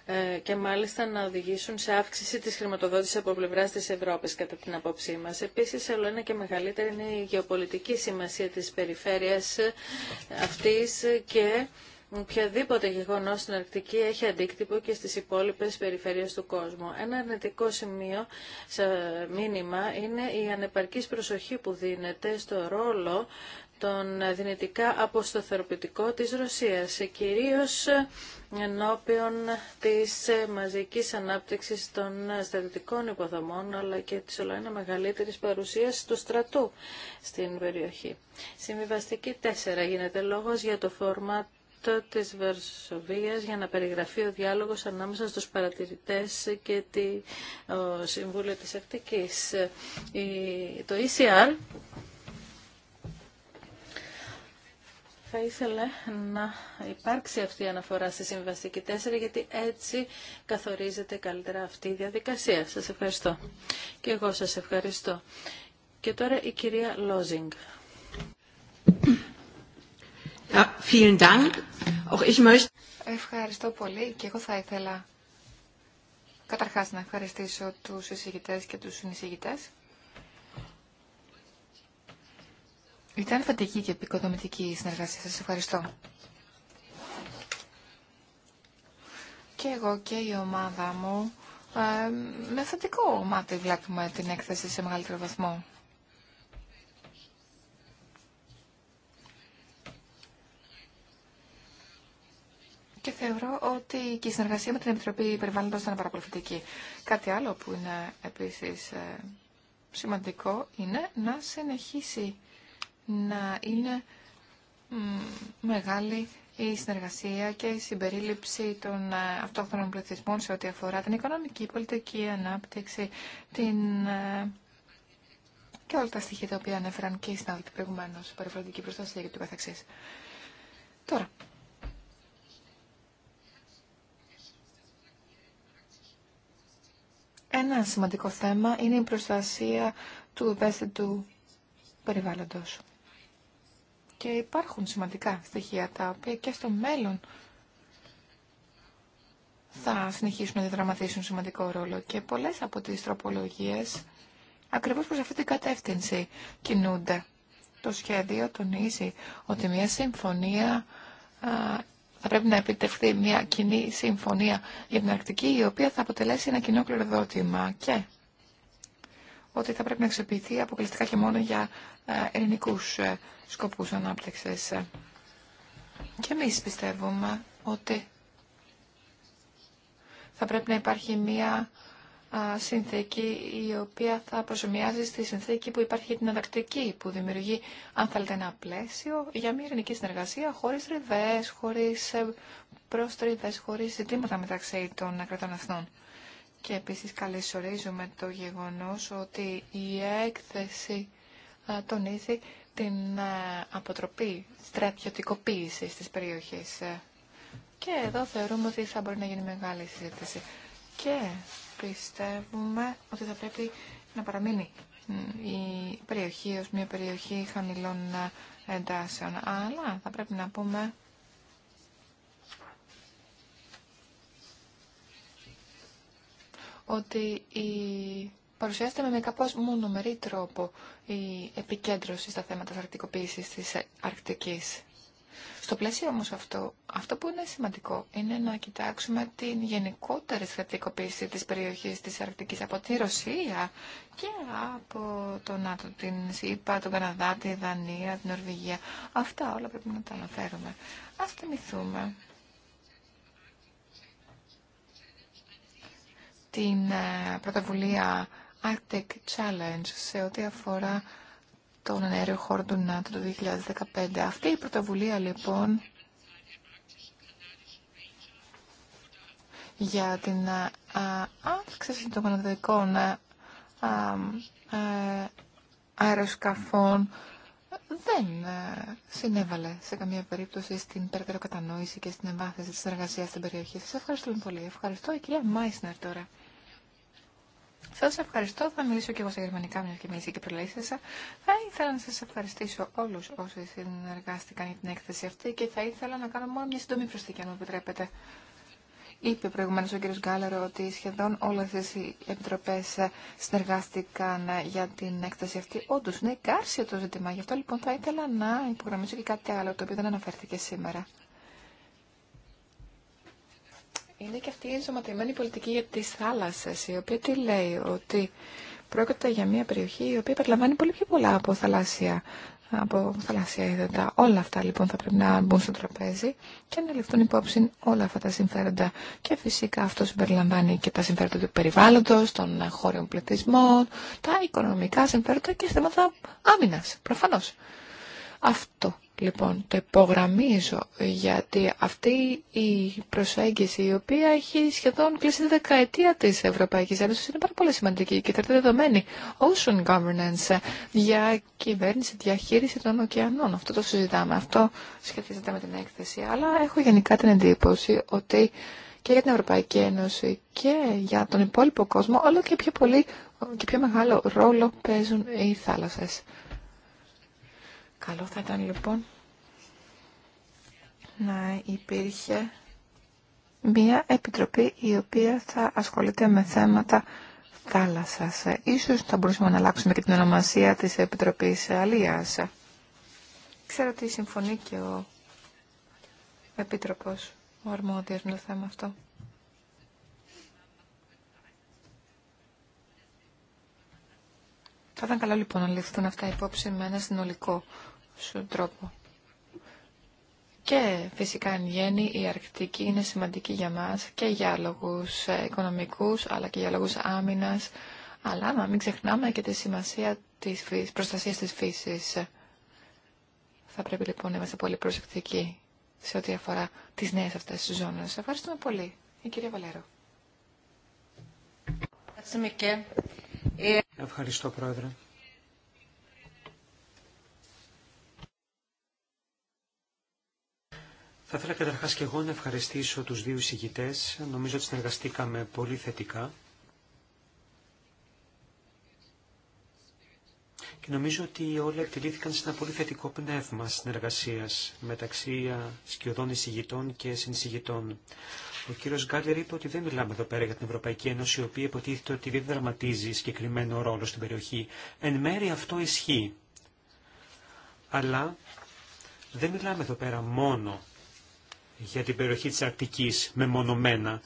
ε, και μάλιστα να οδηγήσουν σε αύξηση της χρηματοδότησης από πλευράς της Ευρώπης κατά την απόψή μας. Επίσης, όλο ένα και μεγαλύτερη είναι η γεωπολιτική σημασία της περιφέρειας ε, αυτής και Οποιοδήποτε γεγονός στην Αρκτική έχει αντίκτυπο και στις υπόλοιπες περιφέρειες του κόσμου. Ένα αρνητικό σημείο σε μήνυμα είναι η ανεπαρκής προσοχή που δίνεται στο ρόλο των δυνητικά αποστοθεροποιητικών της Ρωσίας, κυρίως ενώπιον της μαζικής ανάπτυξης των στρατιωτικών υποδομών, αλλά και της ολοένα μεγαλύτερης παρουσίας του στρατού στην περιοχή. Συμβιβαστική 4 γίνεται λόγος για το φόρμα Τη της για να περιγραφεί ο διάλογος ανάμεσα στους παρατηρητές και τη ο Συμβούλιο της Η, Το ECR θα ήθελε να υπάρξει αυτή η αναφορά στη Συμβαστική 4 γιατί έτσι καθορίζεται καλύτερα αυτή η διαδικασία. Σας ευχαριστώ. Και εγώ σας ευχαριστώ. Και τώρα η κυρία Λόζινγκ. Ευχαριστώ πολύ και εγώ θα ήθελα καταρχάς να ευχαριστήσω τους εισηγητές και τους συνεισηγητές. Ήταν φαντική και επικοδομητική η συνεργασία σας. Ευχαριστώ. Και εγώ και η ομάδα μου ε, με θετικό μάτι βλέπουμε την έκθεση σε μεγαλύτερο βαθμό. Και θεωρώ ότι και η συνεργασία με την Επιτροπή Περιβάλλοντος ήταν παρακολουθητική. Κάτι άλλο που είναι επίσης ε, σημαντικό είναι να συνεχίσει να είναι μεγάλη η συνεργασία και η συμπερίληψη των ε, αυτόχθονων πληθυσμών σε ό,τι αφορά την οικονομική, πολιτική ανάπτυξη την, ε, και όλα τα στοιχεία τα οποία ανέφεραν και οι συνάδελφοι προηγουμένω, περιβαλλοντική προστασία και το καθεξής. Τώρα, Ένα σημαντικό θέμα είναι η προστασία του ευαίσθητου περιβάλλοντος. Και υπάρχουν σημαντικά στοιχεία τα οποία και στο μέλλον θα συνεχίσουν να διδραματίσουν σημαντικό ρόλο και πολλές από τις τροπολογίες ακριβώς προς αυτή την κατεύθυνση κινούνται. Το σχέδιο τονίζει ότι μια συμφωνία θα πρέπει να επιτευχθεί μια κοινή συμφωνία για την Αρκτική, η οποία θα αποτελέσει ένα κοινό κληροδότημα και ότι θα πρέπει να αξιοποιηθεί αποκλειστικά και μόνο για ε, ελληνικού ε, σκοπούς ανάπτυξης. Και εμείς πιστεύουμε ότι θα πρέπει να υπάρχει μια συνθήκη η οποία θα προσωμιάζει στη συνθήκη που υπάρχει για την αντακτική, που δημιουργεί, αν θέλετε, ένα πλαίσιο για μια ειρηνική συνεργασία χωρίς ριβές, χωρίς ε, προστριβές, χωρίς ζητήματα μεταξύ των κρατών εθνών. Και επίσης καλυσορίζουμε το γεγονός ότι η έκθεση ε, τονίζει την ε, αποτροπή στρατιωτικοποίηση της περιοχής. Και εδώ θεωρούμε ότι θα μπορεί να γίνει μεγάλη συζήτηση. Και πιστεύουμε ότι θα πρέπει να παραμείνει η περιοχή ως μια περιοχή χαμηλών ε, εντάσεων. Αλλά θα πρέπει να πούμε ότι η... παρουσιάζεται με κάπως μονομερή τρόπο η επικέντρωση στα θέματα της αρκτικοποίησης της Αρκτικής. Στο πλαίσιο όμως αυτό, αυτό που είναι σημαντικό είναι να κοιτάξουμε την γενικότερη στρατικοποίηση της περιοχής της Αρκτικής από τη Ρωσία και από τον ΝΑΤΟ, την ΣΥΠΑ, τον Καναδά, τη Δανία, την Νορβηγία. Αυτά όλα πρέπει να τα αναφέρουμε. Ας θυμηθούμε την ε, πρωτοβουλία Arctic Challenge σε ό,τι αφορά τον αέριο χώρο του ΝΑΤΟ το 2015. Αυτή η πρωτοβουλία λοιπόν για την αύξηση των καναδικών αεροσκαφών δεν συνέβαλε σε καμία περίπτωση στην περαιτέρω κατανόηση και στην εμβάθυνση της εργασίας στην περιοχή. Σας ευχαριστούμε πολύ. Ευχαριστώ η κυρία Μάισνερ τώρα. Σα ευχαριστώ. Θα μιλήσω και εγώ στα γερμανικά, μια και μιλήσει και προλαλήσασα. Θα ήθελα να σα ευχαριστήσω όλου όσοι συνεργάστηκαν για την έκθεση αυτή και θα ήθελα να κάνω μόνο μια σύντομη προσθήκη, αν μου επιτρέπετε. Είπε προηγουμένω ο κ. Γκάλαρο ότι σχεδόν όλε οι επιτροπέ συνεργάστηκαν για την έκθεση αυτή. Όντω, είναι κάρσιο το ζήτημα. Γι' αυτό λοιπόν θα ήθελα να υπογραμμίσω και κάτι άλλο το οποίο δεν αναφέρθηκε σήμερα είναι και αυτή η ενσωματωμένη πολιτική για τις θάλασσες, η οποία τι λέει, ότι πρόκειται για μια περιοχή η οποία περιλαμβάνει πολύ πιο πολλά από θαλάσσια από θαλάσσια Όλα αυτά λοιπόν θα πρέπει να μπουν στο τραπέζι και να ληφθούν υπόψη όλα αυτά τα συμφέροντα. Και φυσικά αυτό συμπεριλαμβάνει και τα συμφέροντα του περιβάλλοντος, των χώριων πληθυσμών, τα οικονομικά συμφέροντα και θέματα άμυνας, προφανώς. Αυτό Λοιπόν, το υπογραμμίζω γιατί αυτή η προσέγγιση η οποία έχει σχεδόν κλείσει τη δεκαετία της Ευρωπαϊκής Ένωσης είναι πάρα πολύ σημαντική και θεωρείται δεδομένη ocean governance για κυβέρνηση διαχείριση των ωκεανών. Αυτό το συζητάμε, αυτό σχετίζεται με την έκθεση. Αλλά έχω γενικά την εντύπωση ότι και για την Ευρωπαϊκή Ένωση και για τον υπόλοιπο κόσμο όλο και πιο πολύ και πιο μεγάλο ρόλο παίζουν οι θάλασσες. Καλό θα ήταν λοιπόν να υπήρχε μία επιτροπή η οποία θα ασχολείται με θέματα θάλασσας. Ίσως θα μπορούσαμε να αλλάξουμε και την ονομασία της Επιτροπής Αλίας. Ξέρω ότι συμφωνεί και ο Επίτροπος, ο αρμόδιος με το θέμα αυτό. Θα ήταν καλό λοιπόν να ληφθούν αυτά υπόψη με ένα συνολικό στον τρόπο. Και φυσικά εν γέννη η Αρκτική είναι σημαντική για μας και για λόγους ε, οικονομικούς αλλά και για λόγους άμυνας αλλά να μην ξεχνάμε και τη σημασία της προστασίας της φύσης. Θα πρέπει λοιπόν να είμαστε πολύ προσεκτικοί σε ό,τι αφορά τις νέες αυτές τις ζώνες. Ευχαριστούμε πολύ. Η κυρία Βαλέρο. Ευχαριστώ Πρόεδρε. Θα ήθελα καταρχά και εγώ να ευχαριστήσω του δύο εισηγητέ. Νομίζω ότι συνεργαστήκαμε πολύ θετικά. Και νομίζω ότι όλοι εκτελήθηκαν σε ένα πολύ θετικό πνεύμα συνεργασία μεταξύ σκιωδών εισηγητών και συνεισηγητών. Ο κύριο Γκάλερ είπε ότι δεν μιλάμε εδώ πέρα για την Ευρωπαϊκή Ένωση, η οποία υποτίθεται ότι δεν δραματίζει συγκεκριμένο ρόλο στην περιοχή. Εν μέρει αυτό ισχύει. Αλλά δεν μιλάμε εδώ πέρα μόνο για την περιοχή της Αρκτικής μεμονωμένα.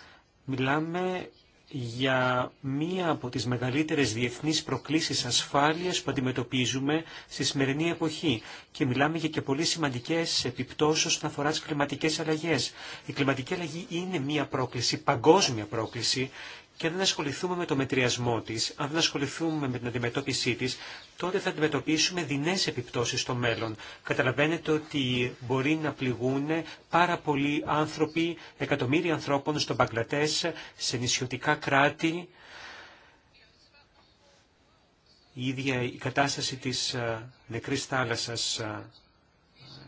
Μιλάμε για μία από τις μεγαλύτερες διεθνείς προκλήσεις ασφάλειας που αντιμετωπίζουμε στη σημερινή εποχή και μιλάμε για και πολύ σημαντικές επιπτώσεις όσον αφορά τις κλιματικές αλλαγές. Η κλιματική αλλαγή είναι μία πρόκληση, παγκόσμια πρόκληση και αν δεν ασχοληθούμε με το μετριασμό τη, αν δεν ασχοληθούμε με την αντιμετώπιση τη, τότε θα αντιμετωπίσουμε δεινέ επιπτώσεις στο μέλλον. Καταλαβαίνετε ότι μπορεί να πληγούν πάρα πολλοί άνθρωποι, εκατομμύρια ανθρώπων στον Παγκλατέ, σε νησιωτικά κράτη. Η ίδια η κατάσταση της ε, νεκρής θάλασσας ε,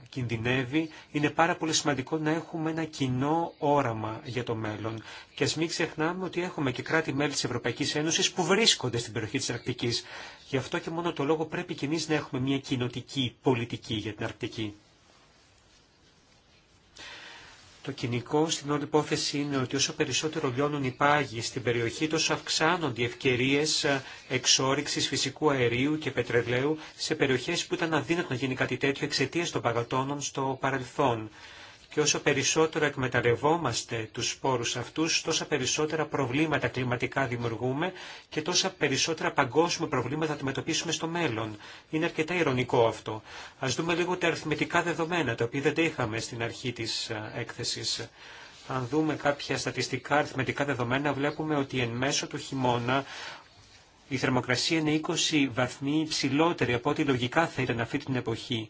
κινδυνεύει, είναι πάρα πολύ σημαντικό να έχουμε ένα κοινό όραμα για το μέλλον. Και α μην ξεχνάμε ότι έχουμε και κράτη-μέλη τη Ευρωπαϊκή Ένωση που βρίσκονται στην περιοχή τη Αρκτική. Γι' αυτό και μόνο το λόγο πρέπει κι εμεί να έχουμε μια κοινοτική πολιτική για την Αρκτική. Το κοινικό στην όλη υπόθεση είναι ότι όσο περισσότερο λιώνουν οι πάγοι στην περιοχή, τόσο αυξάνονται οι ευκαιρίε εξόριξη φυσικού αερίου και πετρελαίου σε περιοχέ που ήταν αδύνατο να γίνει κάτι τέτοιο εξαιτία των παγατώνων στο παρελθόν και όσο περισσότερο εκμεταλλευόμαστε τους σπόρους αυτούς, τόσα περισσότερα προβλήματα κλιματικά δημιουργούμε και τόσα περισσότερα παγκόσμια προβλήματα θα αντιμετωπίσουμε στο μέλλον. Είναι αρκετά ηρωνικό αυτό. Ας δούμε λίγο τα αριθμητικά δεδομένα, τα οποία δεν τα είχαμε στην αρχή της ε, έκθεσης. Αν δούμε κάποια στατιστικά αριθμητικά δεδομένα, βλέπουμε ότι εν μέσω του χειμώνα η θερμοκρασία είναι 20 βαθμοί υψηλότερη από ό,τι λογικά θα ήταν αυτή την εποχή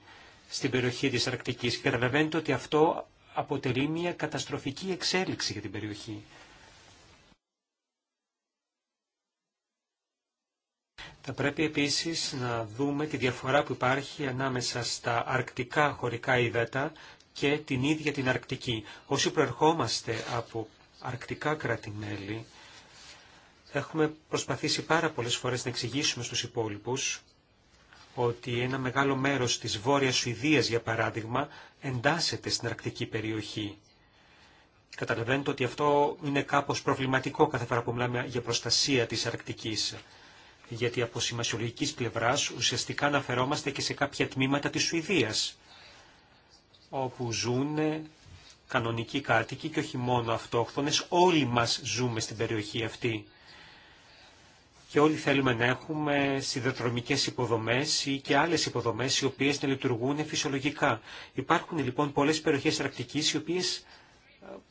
στην περιοχή της Αρκτικής και καταλαβαίνετε ότι αυτό αποτελεί μια καταστροφική εξέλιξη για την περιοχή. Θα πρέπει επίσης να δούμε τη διαφορά που υπάρχει ανάμεσα στα αρκτικά χωρικά ύδατα και την ίδια την Αρκτική. Όσοι προερχόμαστε από αρκτικά κράτη-μέλη, έχουμε προσπαθήσει πάρα πολλές φορές να εξηγήσουμε στους υπόλοιπους ότι ένα μεγάλο μέρος της Βόρειας Σουηδίας, για παράδειγμα, εντάσσεται στην αρκτική περιοχή. Καταλαβαίνετε ότι αυτό είναι κάπως προβληματικό κάθε φορά που μιλάμε για προστασία της Αρκτικής. Γιατί από σημασιολογικής πλευράς ουσιαστικά αναφερόμαστε και σε κάποια τμήματα της Σουηδίας, όπου ζουν κανονικοί κάτοικοι και όχι μόνο αυτόχθονες, όλοι μας ζούμε στην περιοχή αυτή και όλοι θέλουμε να έχουμε σιδετρομικές υποδομές ή και άλλες υποδομές οι οποίες να λειτουργούν φυσιολογικά. Υπάρχουν λοιπόν πολλές περιοχές αρκτικής οι οποίες ε,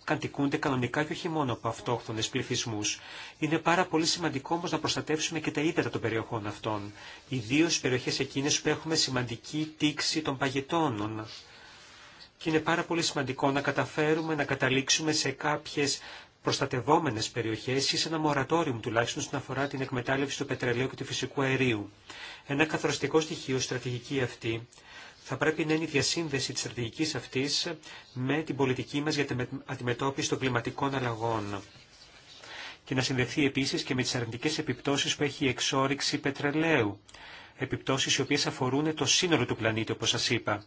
κατοικούνται κανονικά και όχι μόνο από αυτόχθονες πληθυσμού. Είναι πάρα πολύ σημαντικό όμω να προστατεύσουμε και τα ύδατα των περιοχών αυτών, ιδίω περιοχές περιοχέ εκείνε που έχουμε σημαντική τήξη των παγετώνων. Και είναι πάρα πολύ σημαντικό να καταφέρουμε να καταλήξουμε σε κάποιε προστατευόμενες περιοχές ή σε ένα μορατόριο τουλάχιστον ...στην αφορά την εκμετάλλευση του πετρελαίου και του φυσικού αερίου. Ένα καθοριστικό στοιχείο στρατηγική αυτή θα πρέπει να είναι η διασύνδεση της στρατηγική αυτής με την πολιτική μας για την αντιμετώπιση των κλιματικών αλλαγών και να συνδεθεί επίση και με τι αρνητικέ επιπτώσει που έχει η εξόριξη πετρελαίου, επιπτώσεις οι οποίες αφορούν το σύνολο του πλανήτη όπως σας είπα.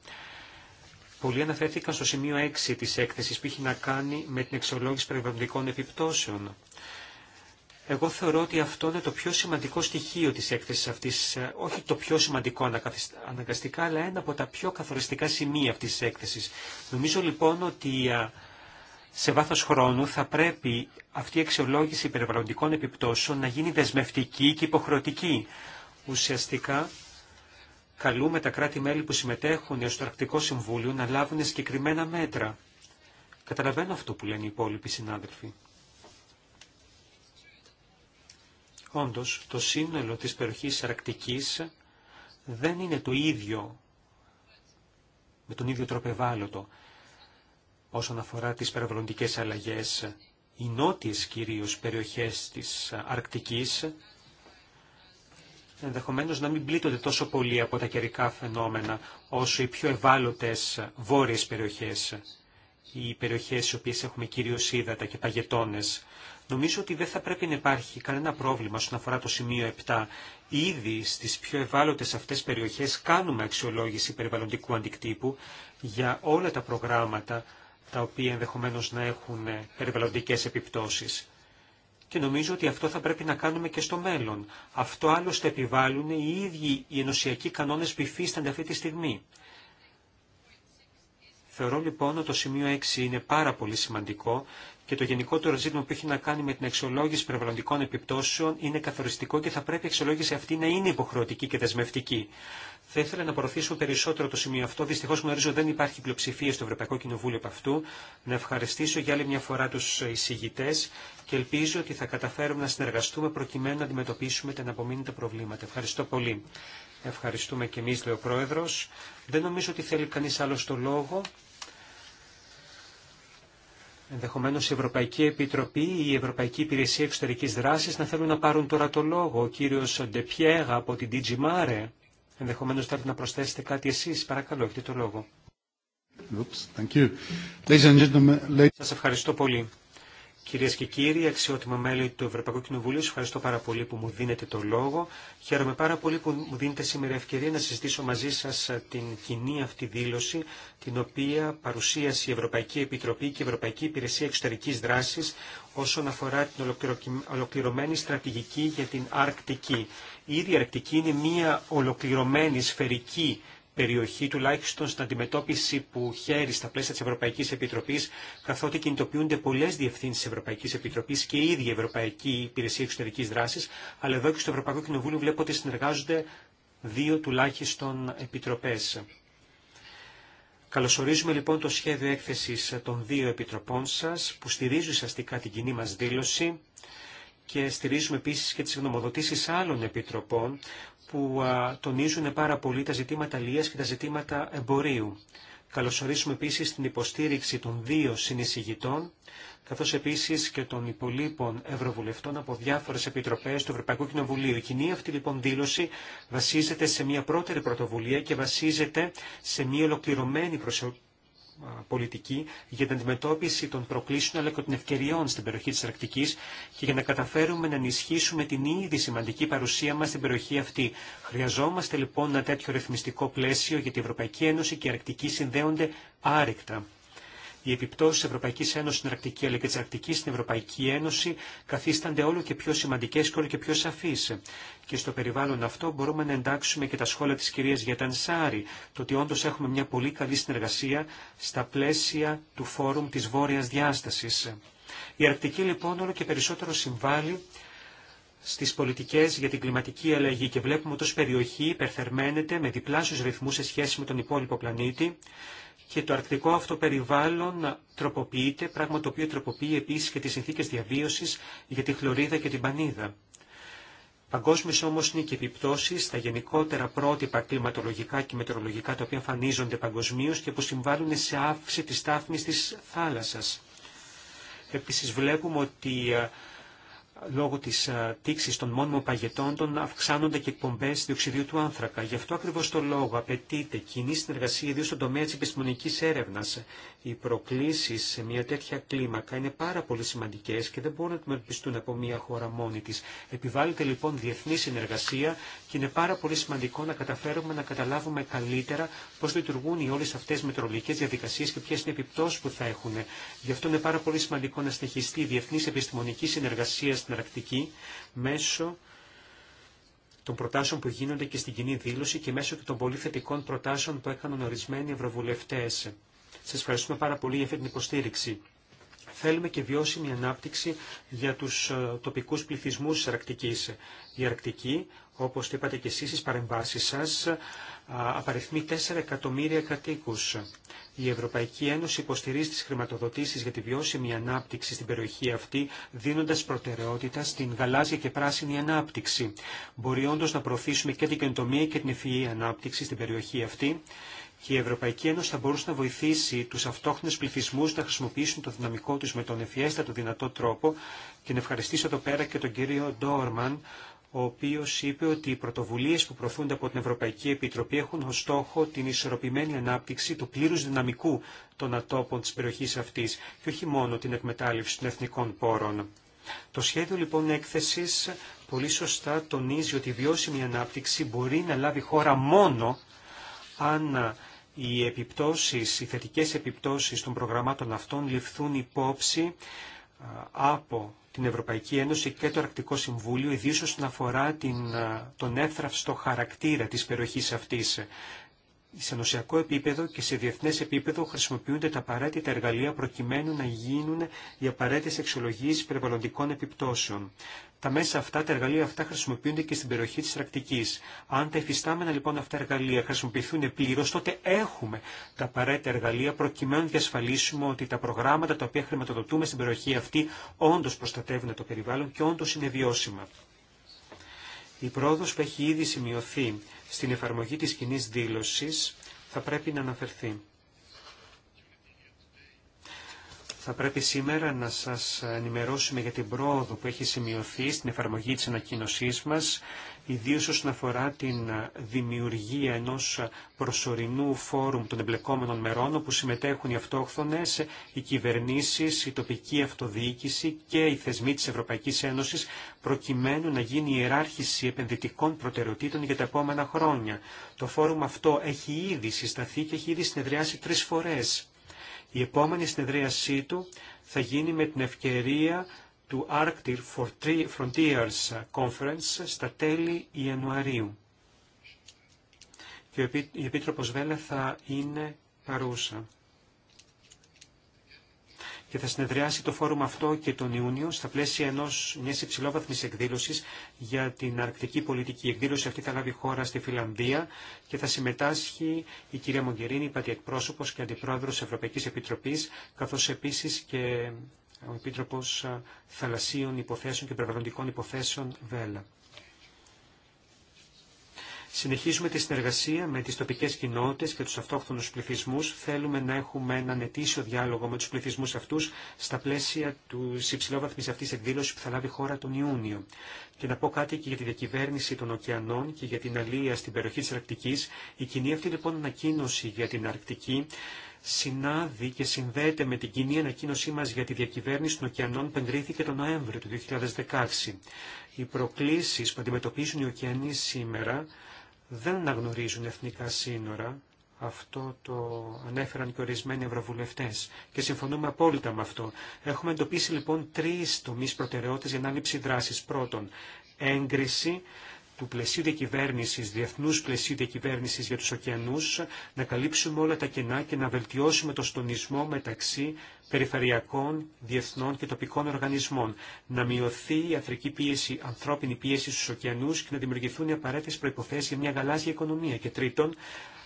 Πολλοί αναφέρθηκαν στο σημείο 6 της έκθεσης που είχε να κάνει με την εξολόγηση περιβαλλοντικών επιπτώσεων. Εγώ θεωρώ ότι αυτό είναι το πιο σημαντικό στοιχείο της έκθεσης αυτής, ε, όχι το πιο σημαντικό αναγκαστικά, αλλά ένα από τα πιο καθοριστικά σημεία αυτής της έκθεσης. Νομίζω λοιπόν ότι ε, σε βάθος χρόνου θα πρέπει αυτή η αξιολόγηση περιβαλλοντικών επιπτώσεων να γίνει δεσμευτική και υποχρεωτική. Ουσιαστικά καλούμε τα κράτη-μέλη που συμμετέχουν στο Αρκτικό Συμβούλιο να λάβουν συγκεκριμένα μέτρα. Καταλαβαίνω αυτό που λένε οι υπόλοιποι συνάδελφοι. Όντως, το σύνολο της περιοχής Αρκτικής δεν είναι το ίδιο, με τον ίδιο τρόπο ευάλωτο, όσον αφορά τις περιβαλλοντικές αλλαγές. Οι νότιες κυρίως περιοχές της Αρκτικής ενδεχομένως να μην πλήττονται τόσο πολύ από τα καιρικά φαινόμενα όσο οι πιο ευάλωτες βόρειες περιοχές, οι περιοχές οι οποίες έχουμε κυρίως ύδατα και παγετώνες. Νομίζω ότι δεν θα πρέπει να υπάρχει κανένα πρόβλημα όσον αφορά το σημείο 7. Ήδη στις πιο ευάλωτες αυτές περιοχές κάνουμε αξιολόγηση περιβαλλοντικού αντικτύπου για όλα τα προγράμματα τα οποία ενδεχομένως να έχουν περιβαλλοντικές επιπτώσεις και νομίζω ότι αυτό θα πρέπει να κάνουμε και στο μέλλον. Αυτό άλλωστε επιβάλλουν οι ίδιοι οι ενωσιακοί κανόνες που υφίστανται αυτή τη στιγμή. Θεωρώ λοιπόν ότι το σημείο 6 είναι πάρα πολύ σημαντικό και το γενικότερο ζήτημα που έχει να κάνει με την αξιολόγηση περιβαλλοντικών επιπτώσεων είναι καθοριστικό και θα πρέπει η αξιολόγηση αυτή να είναι υποχρεωτική και δεσμευτική. Θα ήθελα να προωθήσω περισσότερο το σημείο αυτό. Δυστυχώ γνωρίζω δεν υπάρχει πλειοψηφία στο Ευρωπαϊκό Κοινοβούλιο από αυτού. Να ευχαριστήσω για άλλη μια φορά του εισηγητέ και ελπίζω ότι θα καταφέρουμε να συνεργαστούμε προκειμένου να αντιμετωπίσουμε τα αναπομείνητα προβλήματα. Ευχαριστώ πολύ. Ευχαριστούμε και εμείς, λέει ο Πρόεδρος. Δεν νομίζω ότι θέλει κανείς άλλο το λόγο. Ενδεχομένω η Ευρωπαϊκή Επιτροπή ή η Ευρωπαϊκή Υπηρεσία Εξωτερική Δράση να θέλουν να πάρουν τώρα το λόγο. Ο κύριο Ντεπιέγα από την DG Mare. Ενδεχομένω θέλετε να προσθέσετε κάτι εσεί. Παρακαλώ, έχετε το λόγο. Σα ευχαριστώ πολύ. Κυρίες και κύριοι, αξιότιμα μέλη του Ευρωπαϊκού Κοινοβουλίου, σας ευχαριστώ πάρα πολύ που μου δίνετε το λόγο. Χαίρομαι πάρα πολύ που μου δίνετε σήμερα ευκαιρία να συζητήσω μαζί σας την κοινή αυτή δήλωση, την οποία παρουσίασε η Ευρωπαϊκή Επιτροπή και η Ευρωπαϊκή Υπηρεσία Εξωτερικής Δράσης όσον αφορά την ολοκληρωμένη στρατηγική για την Αρκτική. Η ίδια Αρκτική είναι μια ολοκληρωμένη σφαιρική περιοχή τουλάχιστον στην αντιμετώπιση που χαίρει στα πλαίσια της Ευρωπαϊκής Επιτροπής καθότι κινητοποιούνται πολλέ διευθύνσει της Ευρωπαϊκής Επιτροπής και η ίδια η Ευρωπαϊκή Υπηρεσία Εξωτερική δράση, αλλά εδώ και στο Ευρωπαϊκό Κοινοβούλιο βλέπω ότι συνεργάζονται δύο τουλάχιστον επιτροπέ. Καλωσορίζουμε λοιπόν το σχέδιο έκθεση των δύο επιτροπών σα, που στηρίζουν ουσιαστικά την κοινή μα δήλωση και στηρίζουμε επίσης και τις γνωμοδοτήσεις άλλων επιτροπών που τονίζουν πάρα πολύ τα ζητήματα λίας και τα ζητήματα εμπορίου. Καλωσορίσουμε επίσης την υποστήριξη των δύο συνεισηγητών, καθώς επίσης και των υπολείπων ευρωβουλευτών από διάφορες επιτροπές του Ευρωπαϊκού Κοινοβουλίου. Η κοινή αυτή λοιπόν δήλωση βασίζεται σε μια πρώτερη πρωτοβουλία και βασίζεται σε μια ολοκληρωμένη πολιτική για την αντιμετώπιση των προκλήσεων αλλά και των ευκαιριών στην περιοχή της Αρκτική και για να καταφέρουμε να ενισχύσουμε την ήδη σημαντική παρουσία μας στην περιοχή αυτή. Χρειαζόμαστε λοιπόν ένα τέτοιο ρυθμιστικό πλαίσιο γιατί η Ευρωπαϊκή Ένωση και η Αρκτική συνδέονται άρρηκτα. Οι επιπτώσει τη Ευρωπαϊκή Ένωση στην Αρκτική αλλά και τη Αρκτική στην Ευρωπαϊκή Ένωση καθίστανται όλο και πιο σημαντικέ και όλο και πιο σαφεί. Και στο περιβάλλον αυτό μπορούμε να εντάξουμε και τα σχόλια τη κυρία Γιατανσάρη, το ότι όντω έχουμε μια πολύ καλή συνεργασία στα πλαίσια του Φόρουμ τη Βόρεια Διάσταση. Η Αρκτική λοιπόν όλο και περισσότερο συμβάλλει στι πολιτικέ για την κλιματική αλλαγή και βλέπουμε ότι ω περιοχή υπερθερμαίνεται με διπλάσιου ρυθμού σε σχέση με τον υπόλοιπο πλανήτη και το αρκτικό αυτό περιβάλλον τροποποιείται, πράγμα το οποίο τροποποιεί επίσης και τις συνθήκες διαβίωσης για τη χλωρίδα και την πανίδα. Παγκόσμιε όμω είναι και επιπτώσει στα γενικότερα πρότυπα κλιματολογικά και μετεωρολογικά τα οποία εμφανίζονται παγκοσμίω και που συμβάλλουν σε αύξηση τη στάθμη τη θάλασσα. Επίση βλέπουμε ότι ε, λόγω της ε, τήξη των μόνιμων των αυξάνονται και εκπομπές διοξιδίου του άνθρακα. Γι' αυτό ακριβώς το λόγο απαιτείται κοινή συνεργασία ιδίω στον τομέα τη επιστημονική έρευνα. Οι προκλήσεις σε μια τέτοια κλίμακα είναι πάρα πολύ σημαντικέ και δεν μπορούν να αντιμετωπιστούν από μια χώρα μόνη τη. Επιβάλλεται λοιπόν διεθνή συνεργασία και είναι πάρα πολύ σημαντικό να καταφέρουμε να καταλάβουμε καλύτερα πώ λειτουργούν οι όλε αυτέ μετρολογικέ διαδικασίε και ποιε είναι οι επιπτώσει που θα έχουν. Γι' αυτό είναι πάρα πολύ σημαντικό να συνεχιστεί η διεθνή επιστημονική συνεργασία στην Αρκτική μέσω των προτάσεων που γίνονται και στην κοινή δήλωση και μέσω και των πολύ θετικών προτάσεων που έκαναν ορισμένοι ευρωβουλευτέ. Σα ευχαριστούμε πάρα πολύ για αυτή την υποστήριξη. Θέλουμε και βιώσιμη ανάπτυξη για τους ε, τοπικούς πληθυσμούς της Αρκτικής. Η Αρκτική όπως είπατε και εσείς στις παρεμβάσεις σας, απαριθμεί 4 εκατομμύρια κατοίκους. Η Ευρωπαϊκή Ένωση υποστηρίζει τις χρηματοδοτήσεις για τη βιώσιμη ανάπτυξη στην περιοχή αυτή, δίνοντας προτεραιότητα στην γαλάζια και πράσινη ανάπτυξη. Μπορεί όντω να προωθήσουμε και την καινοτομία και την ευφυή ανάπτυξη στην περιοχή αυτή και η Ευρωπαϊκή Ένωση θα μπορούσε να βοηθήσει του αυτόχθονε πληθυσμού να χρησιμοποιήσουν το δυναμικό του με τον ευφιέστατο δυνατό τρόπο και να ευχαριστήσω εδώ πέρα και τον κύριο Ντόρμαν ο οποίος είπε ότι οι πρωτοβουλίες που προωθούνται από την Ευρωπαϊκή Επιτροπή έχουν ως στόχο την ισορροπημένη ανάπτυξη του πλήρους δυναμικού των ατόπων της περιοχής αυτής και όχι μόνο την εκμετάλλευση των εθνικών πόρων. Το σχέδιο λοιπόν έκθεσης πολύ σωστά τονίζει ότι η βιώσιμη ανάπτυξη μπορεί να λάβει χώρα μόνο αν οι επιπτώσεις, οι επιπτώσεις των προγραμμάτων αυτών ληφθούν υπόψη από την Ευρωπαϊκή Ένωση και το Αρκτικό Συμβούλιο, ιδίως όσον αφορά την, τον στο χαρακτήρα της περιοχής αυτής σε νοσιακό επίπεδο και σε διεθνές επίπεδο χρησιμοποιούνται τα απαραίτητα εργαλεία προκειμένου να γίνουν οι απαραίτητες εξολογίες περιβαλλοντικών επιπτώσεων. Τα μέσα αυτά, τα εργαλεία αυτά χρησιμοποιούνται και στην περιοχή της τρακτικής. Αν τα εφιστάμενα λοιπόν αυτά εργαλεία χρησιμοποιηθούν πλήρως, τότε έχουμε τα απαραίτητα εργαλεία προκειμένου να διασφαλίσουμε ότι τα προγράμματα τα οποία χρηματοδοτούμε στην περιοχή αυτή όντως προστατεύουν το περιβάλλον και όντως είναι βιώσιμα. Η πρόοδος που έχει ήδη σημειωθεί στην εφαρμογή της κοινή δήλωσης θα πρέπει να αναφερθεί. Θα πρέπει σήμερα να σας ενημερώσουμε για την πρόοδο που έχει σημειωθεί στην εφαρμογή της ανακοίνωσή μας ιδίως όσον αφορά την δημιουργία ενός προσωρινού φόρουμ των εμπλεκόμενων μερών, όπου συμμετέχουν οι αυτόχθονες, οι κυβερνήσεις, η τοπική αυτοδιοίκηση και οι θεσμοί της Ευρωπαϊκής Ένωσης, προκειμένου να γίνει η ιεράρχηση επενδυτικών προτεραιοτήτων για τα επόμενα χρόνια. Το φόρουμ αυτό έχει ήδη συσταθεί και έχει ήδη συνεδριάσει τρεις φορές. Η επόμενη συνεδρίασή του θα γίνει με την ευκαιρία του Arctic Frontiers Conference στα τέλη Ιανουαρίου. Και η Επίτροπος Βέλε θα είναι παρούσα. Και θα συνεδριάσει το φόρουμ αυτό και τον Ιούνιο στα πλαίσια ενός μιας υψηλόβαθμης εκδήλωσης για την αρκτική πολιτική. Η εκδήλωση αυτή θα λάβει χώρα στη Φιλανδία και θα συμμετάσχει η κυρία Μογκερίνη, η και αντιπρόεδρος Ευρωπαϊκής Επιτροπής, καθώς επίσης και ο Επίτροπος ε, Θαλασσίων Υποθέσεων και Περιβαλλοντικών Υποθέσεων ΒΕΛΑ. Συνεχίζουμε τη συνεργασία με τις τοπικές κοινότητες και τους αυτόχθονους πληθυσμούς. Θέλουμε να έχουμε έναν ετήσιο διάλογο με τους πληθυσμούς αυτούς στα πλαίσια της υψηλόβαθμης αυτής εκδήλωσης που θα λάβει χώρα τον Ιούνιο. Και να πω κάτι και για τη διακυβέρνηση των ωκεανών και για την αλία στην περιοχή της Αρκτικής. Η κοινή αυτή λοιπόν ανακοίνωση για την Αρκτική συνάδει και συνδέεται με την κοινή ανακοίνωσή μας για τη διακυβέρνηση των ωκεανών που εγκρίθηκε τον Νοέμβριο του 2016. Οι προκλήσεις που αντιμετωπίζουν οι ωκεανοί σήμερα δεν αναγνωρίζουν εθνικά σύνορα, αυτό το ανέφεραν και ορισμένοι ευρωβουλευτέ. Και συμφωνούμε απόλυτα με αυτό. Έχουμε εντοπίσει λοιπόν τρει τομεί προτεραιότητε για ανάληψη δράση. Πρώτον, έγκριση του πλαισίου διακυβέρνηση, διεθνούς πλαισίου διακυβέρνηση για τους ωκεανούς, να καλύψουμε όλα τα κενά και να βελτιώσουμε το στονισμό μεταξύ περιφερειακών, διεθνών και τοπικών οργανισμών, να μειωθεί η αθρική πίεση, ανθρώπινη πίεση στους ωκεανούς και να δημιουργηθούν οι απαραίτητες προϋποθέσεις για μια γαλάζια οικονομία. Και τρίτον,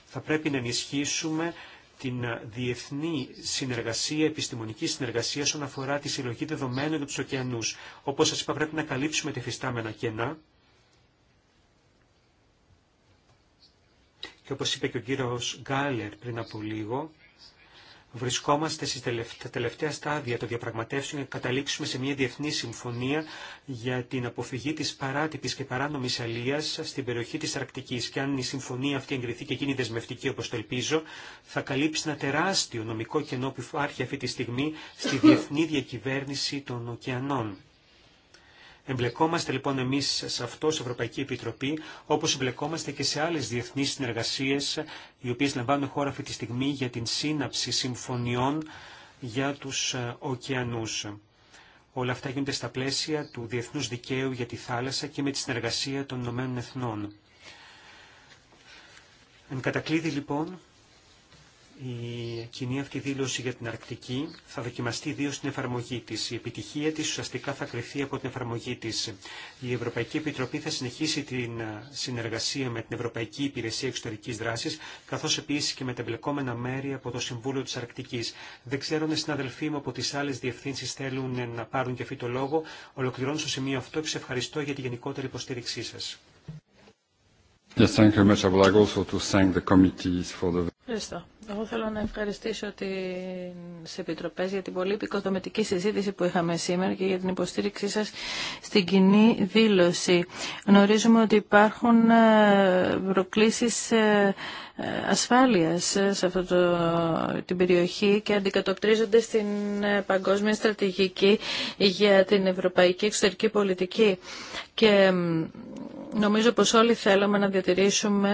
θα πρέπει να ενισχύσουμε την διεθνή συνεργασία, επιστημονική συνεργασία όσον αφορά τη συλλογή δεδομένων για του ωκεανού. Όπω σα είπα, πρέπει να καλύψουμε τα φυστάμενα κενά και όπως είπε και ο κύριος Γκάλερ πριν από λίγο, βρισκόμαστε στα τελευταία στάδια των διαπραγματεύσεων και καταλήξουμε σε μια διεθνή συμφωνία για την αποφυγή της παράτυπης και παράνομης αλίας στην περιοχή της Αρκτικής. Και αν η συμφωνία αυτή εγκριθεί και γίνει δεσμευτική όπως το ελπίζω, θα καλύψει ένα τεράστιο νομικό κενό που υπάρχει αυτή τη στιγμή στη διεθνή διακυβέρνηση των ωκεανών. Εμπλεκόμαστε λοιπόν εμεί σε αυτό, σε Ευρωπαϊκή Επιτροπή, όπω εμπλεκόμαστε και σε άλλε διεθνεί συνεργασίε, οι οποίε λαμβάνουν χώρα αυτή τη στιγμή για την σύναψη συμφωνιών για του ε, ωκεανού. Όλα αυτά γίνονται στα πλαίσια του διεθνού δικαίου για τη θάλασσα και με τη συνεργασία των Ηνωμένων Εθνών. Εν κατακλείδη λοιπόν, η κοινή αυτή δήλωση για την Αρκτική θα δοκιμαστεί ιδίω στην εφαρμογή τη. Η επιτυχία τη ουσιαστικά θα κρυφθεί από την εφαρμογή τη. Η Ευρωπαϊκή Επιτροπή θα συνεχίσει την ε, συνεργασία με την Ευρωπαϊκή Υπηρεσία Εξωτερική Δράση, καθώ επίση και με τα εμπλεκόμενα μέρη από το Συμβούλιο τη Αρκτική. Δεν ξέρω αν συναδελφοί μου από τι άλλε διευθύνσει θέλουν ε, να πάρουν και αυτή το λόγο. Ολοκληρώνω στο σημείο αυτό και σε ευχαριστώ για τη γενικότερη υποστήριξή σα. Ευχαριστώ. Εγώ θέλω να ευχαριστήσω τις Επιτροπές για την πολύ επικοδομητική συζήτηση που είχαμε σήμερα και για την υποστήριξή σας στην κοινή δήλωση. Γνωρίζουμε ότι υπάρχουν ε, προκλήσεις ε, ε, ασφάλειας σε αυτή την περιοχή και αντικατοπτρίζονται στην παγκόσμια στρατηγική για την ευρωπαϊκή εξωτερική πολιτική. Και νομίζω πως όλοι θέλουμε να διατηρήσουμε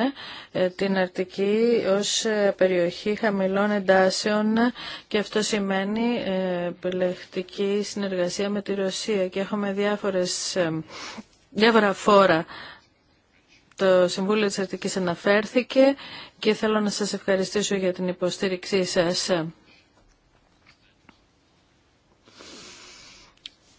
την Αρτική ως περιοχή χαμηλών εντάσεων και αυτό σημαίνει επιλεκτική συνεργασία με τη Ρωσία και έχουμε διάφορες, ε, διάφορα φόρα. Το Συμβούλιο της Αρτικής αναφέρθηκε και θέλω να σας ευχαριστήσω για την υποστήριξή σας.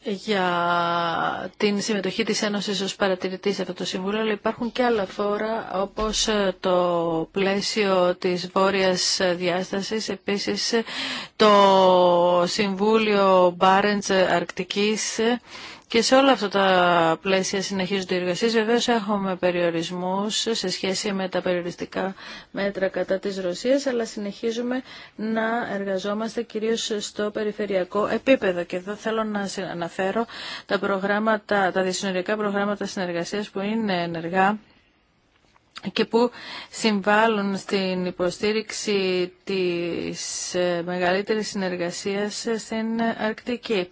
για την συμμετοχή της Ένωσης ως παρατηρητής σε αυτό το Συμβούλιο, αλλά υπάρχουν και άλλα φόρα όπως ε, το πλαίσιο της Βόρειας Διάστασης, επίσης το Συμβούλιο Μπάρεντς Αρκτικής και σε όλα αυτά τα πλαίσια συνεχίζονται οι εργασίε. Βεβαίω έχουμε περιορισμού σε σχέση με τα περιοριστικά μέτρα κατά της Ρωσίας, αλλά συνεχίζουμε να εργαζόμαστε κυρίω στο περιφερειακό επίπεδο. Και εδώ θέλω να αναφέρω τα, προγράμματα, τα δυσυνοριακά προγράμματα συνεργασία, που είναι ενεργά και που συμβάλλουν στην υποστήριξη της μεγαλύτερης συνεργασίας στην Αρκτική.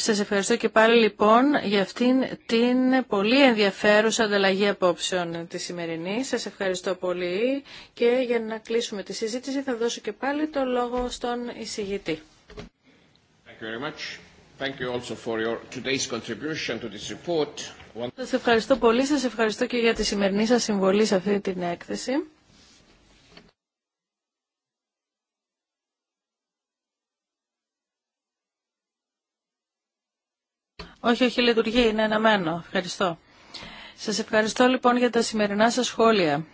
Σας ευχαριστώ και πάλι λοιπόν για αυτήν την πολύ ενδιαφέρουσα ανταλλαγή απόψεων τη σημερινή. Σας ευχαριστώ πολύ και για να κλείσουμε τη συζήτηση θα δώσω και πάλι το λόγο στον εισηγητή. Σας ευχαριστώ πολύ, σας ευχαριστώ και για τη σημερινή σας συμβολή σε αυτή την έκθεση. Όχι, όχι, λειτουργεί, είναι αναμένο. Ευχαριστώ. Σας ευχαριστώ λοιπόν για τα σημερινά σας σχόλια.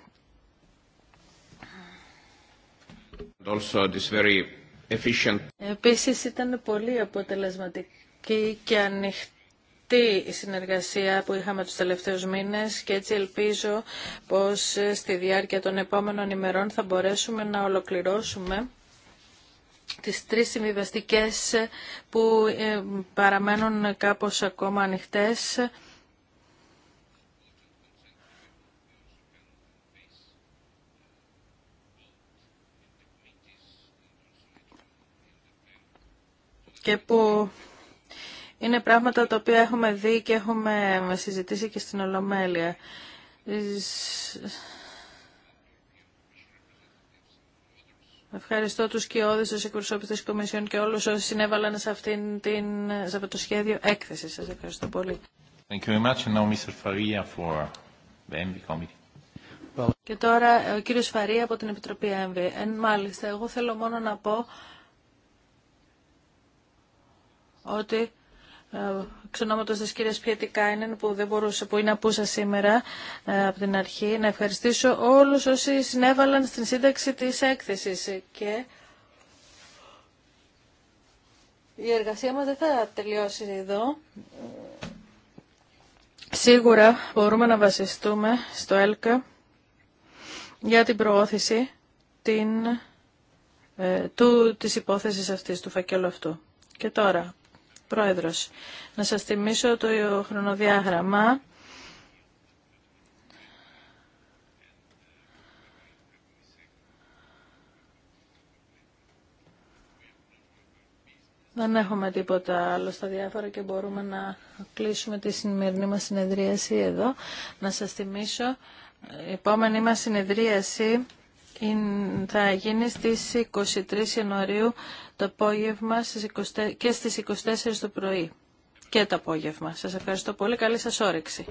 Επίση, Επίσης ήταν πολύ αποτελεσματική και ανοιχτή η συνεργασία που είχαμε τους τελευταίους μήνες και έτσι ελπίζω πως στη διάρκεια των επόμενων ημερών θα μπορέσουμε να ολοκληρώσουμε τις τρεις συμβιβαστικέ που ε, παραμένουν κάπως ακόμα ανοιχτές. και που είναι πράγματα τα οποία έχουμε δει και έχουμε συζητήσει και στην Ολομέλεια. Ευχαριστώ τους όδες τους εκπροσώπους της Κομισιόν και όλους όσοι συνέβαλαν σε, αυτήν την, αυτό το σχέδιο έκθεση. Σας ευχαριστώ πολύ. Thank you very much. And now Mr. Faria for the Committee. Και τώρα ο κύριος Φαρία από την Επιτροπή ΕΜΒ. Εν, μάλιστα, εγώ θέλω μόνο να πω ότι ε, ξενόματος της κυρίας Πιετικάινεν που δεν μπορούσε, που είναι απούσα σήμερα ε, από την αρχή, να ευχαριστήσω όλους όσοι συνέβαλαν στην σύνταξη της έκθεσης και η εργασία μας δεν θα τελειώσει εδώ. Σίγουρα μπορούμε να βασιστούμε στο ΕΛΚΑ για την προώθηση την, ε, του, της υπόθεσης αυτής, του φακέλου αυτού. Και τώρα, Πρόεδρος, να σας θυμίσω το χρονοδιάγραμμα. Δεν έχουμε τίποτα άλλο στα διάφορα και μπορούμε να κλείσουμε τη σημερινή μας συνεδρίαση εδώ. Να σας θυμίσω, η επόμενη μας συνεδρίαση θα γίνει στις 23 Ιανουαρίου το απόγευμα και στις 24 το πρωί και το απόγευμα. Σας ευχαριστώ πολύ. Καλή σας όρεξη.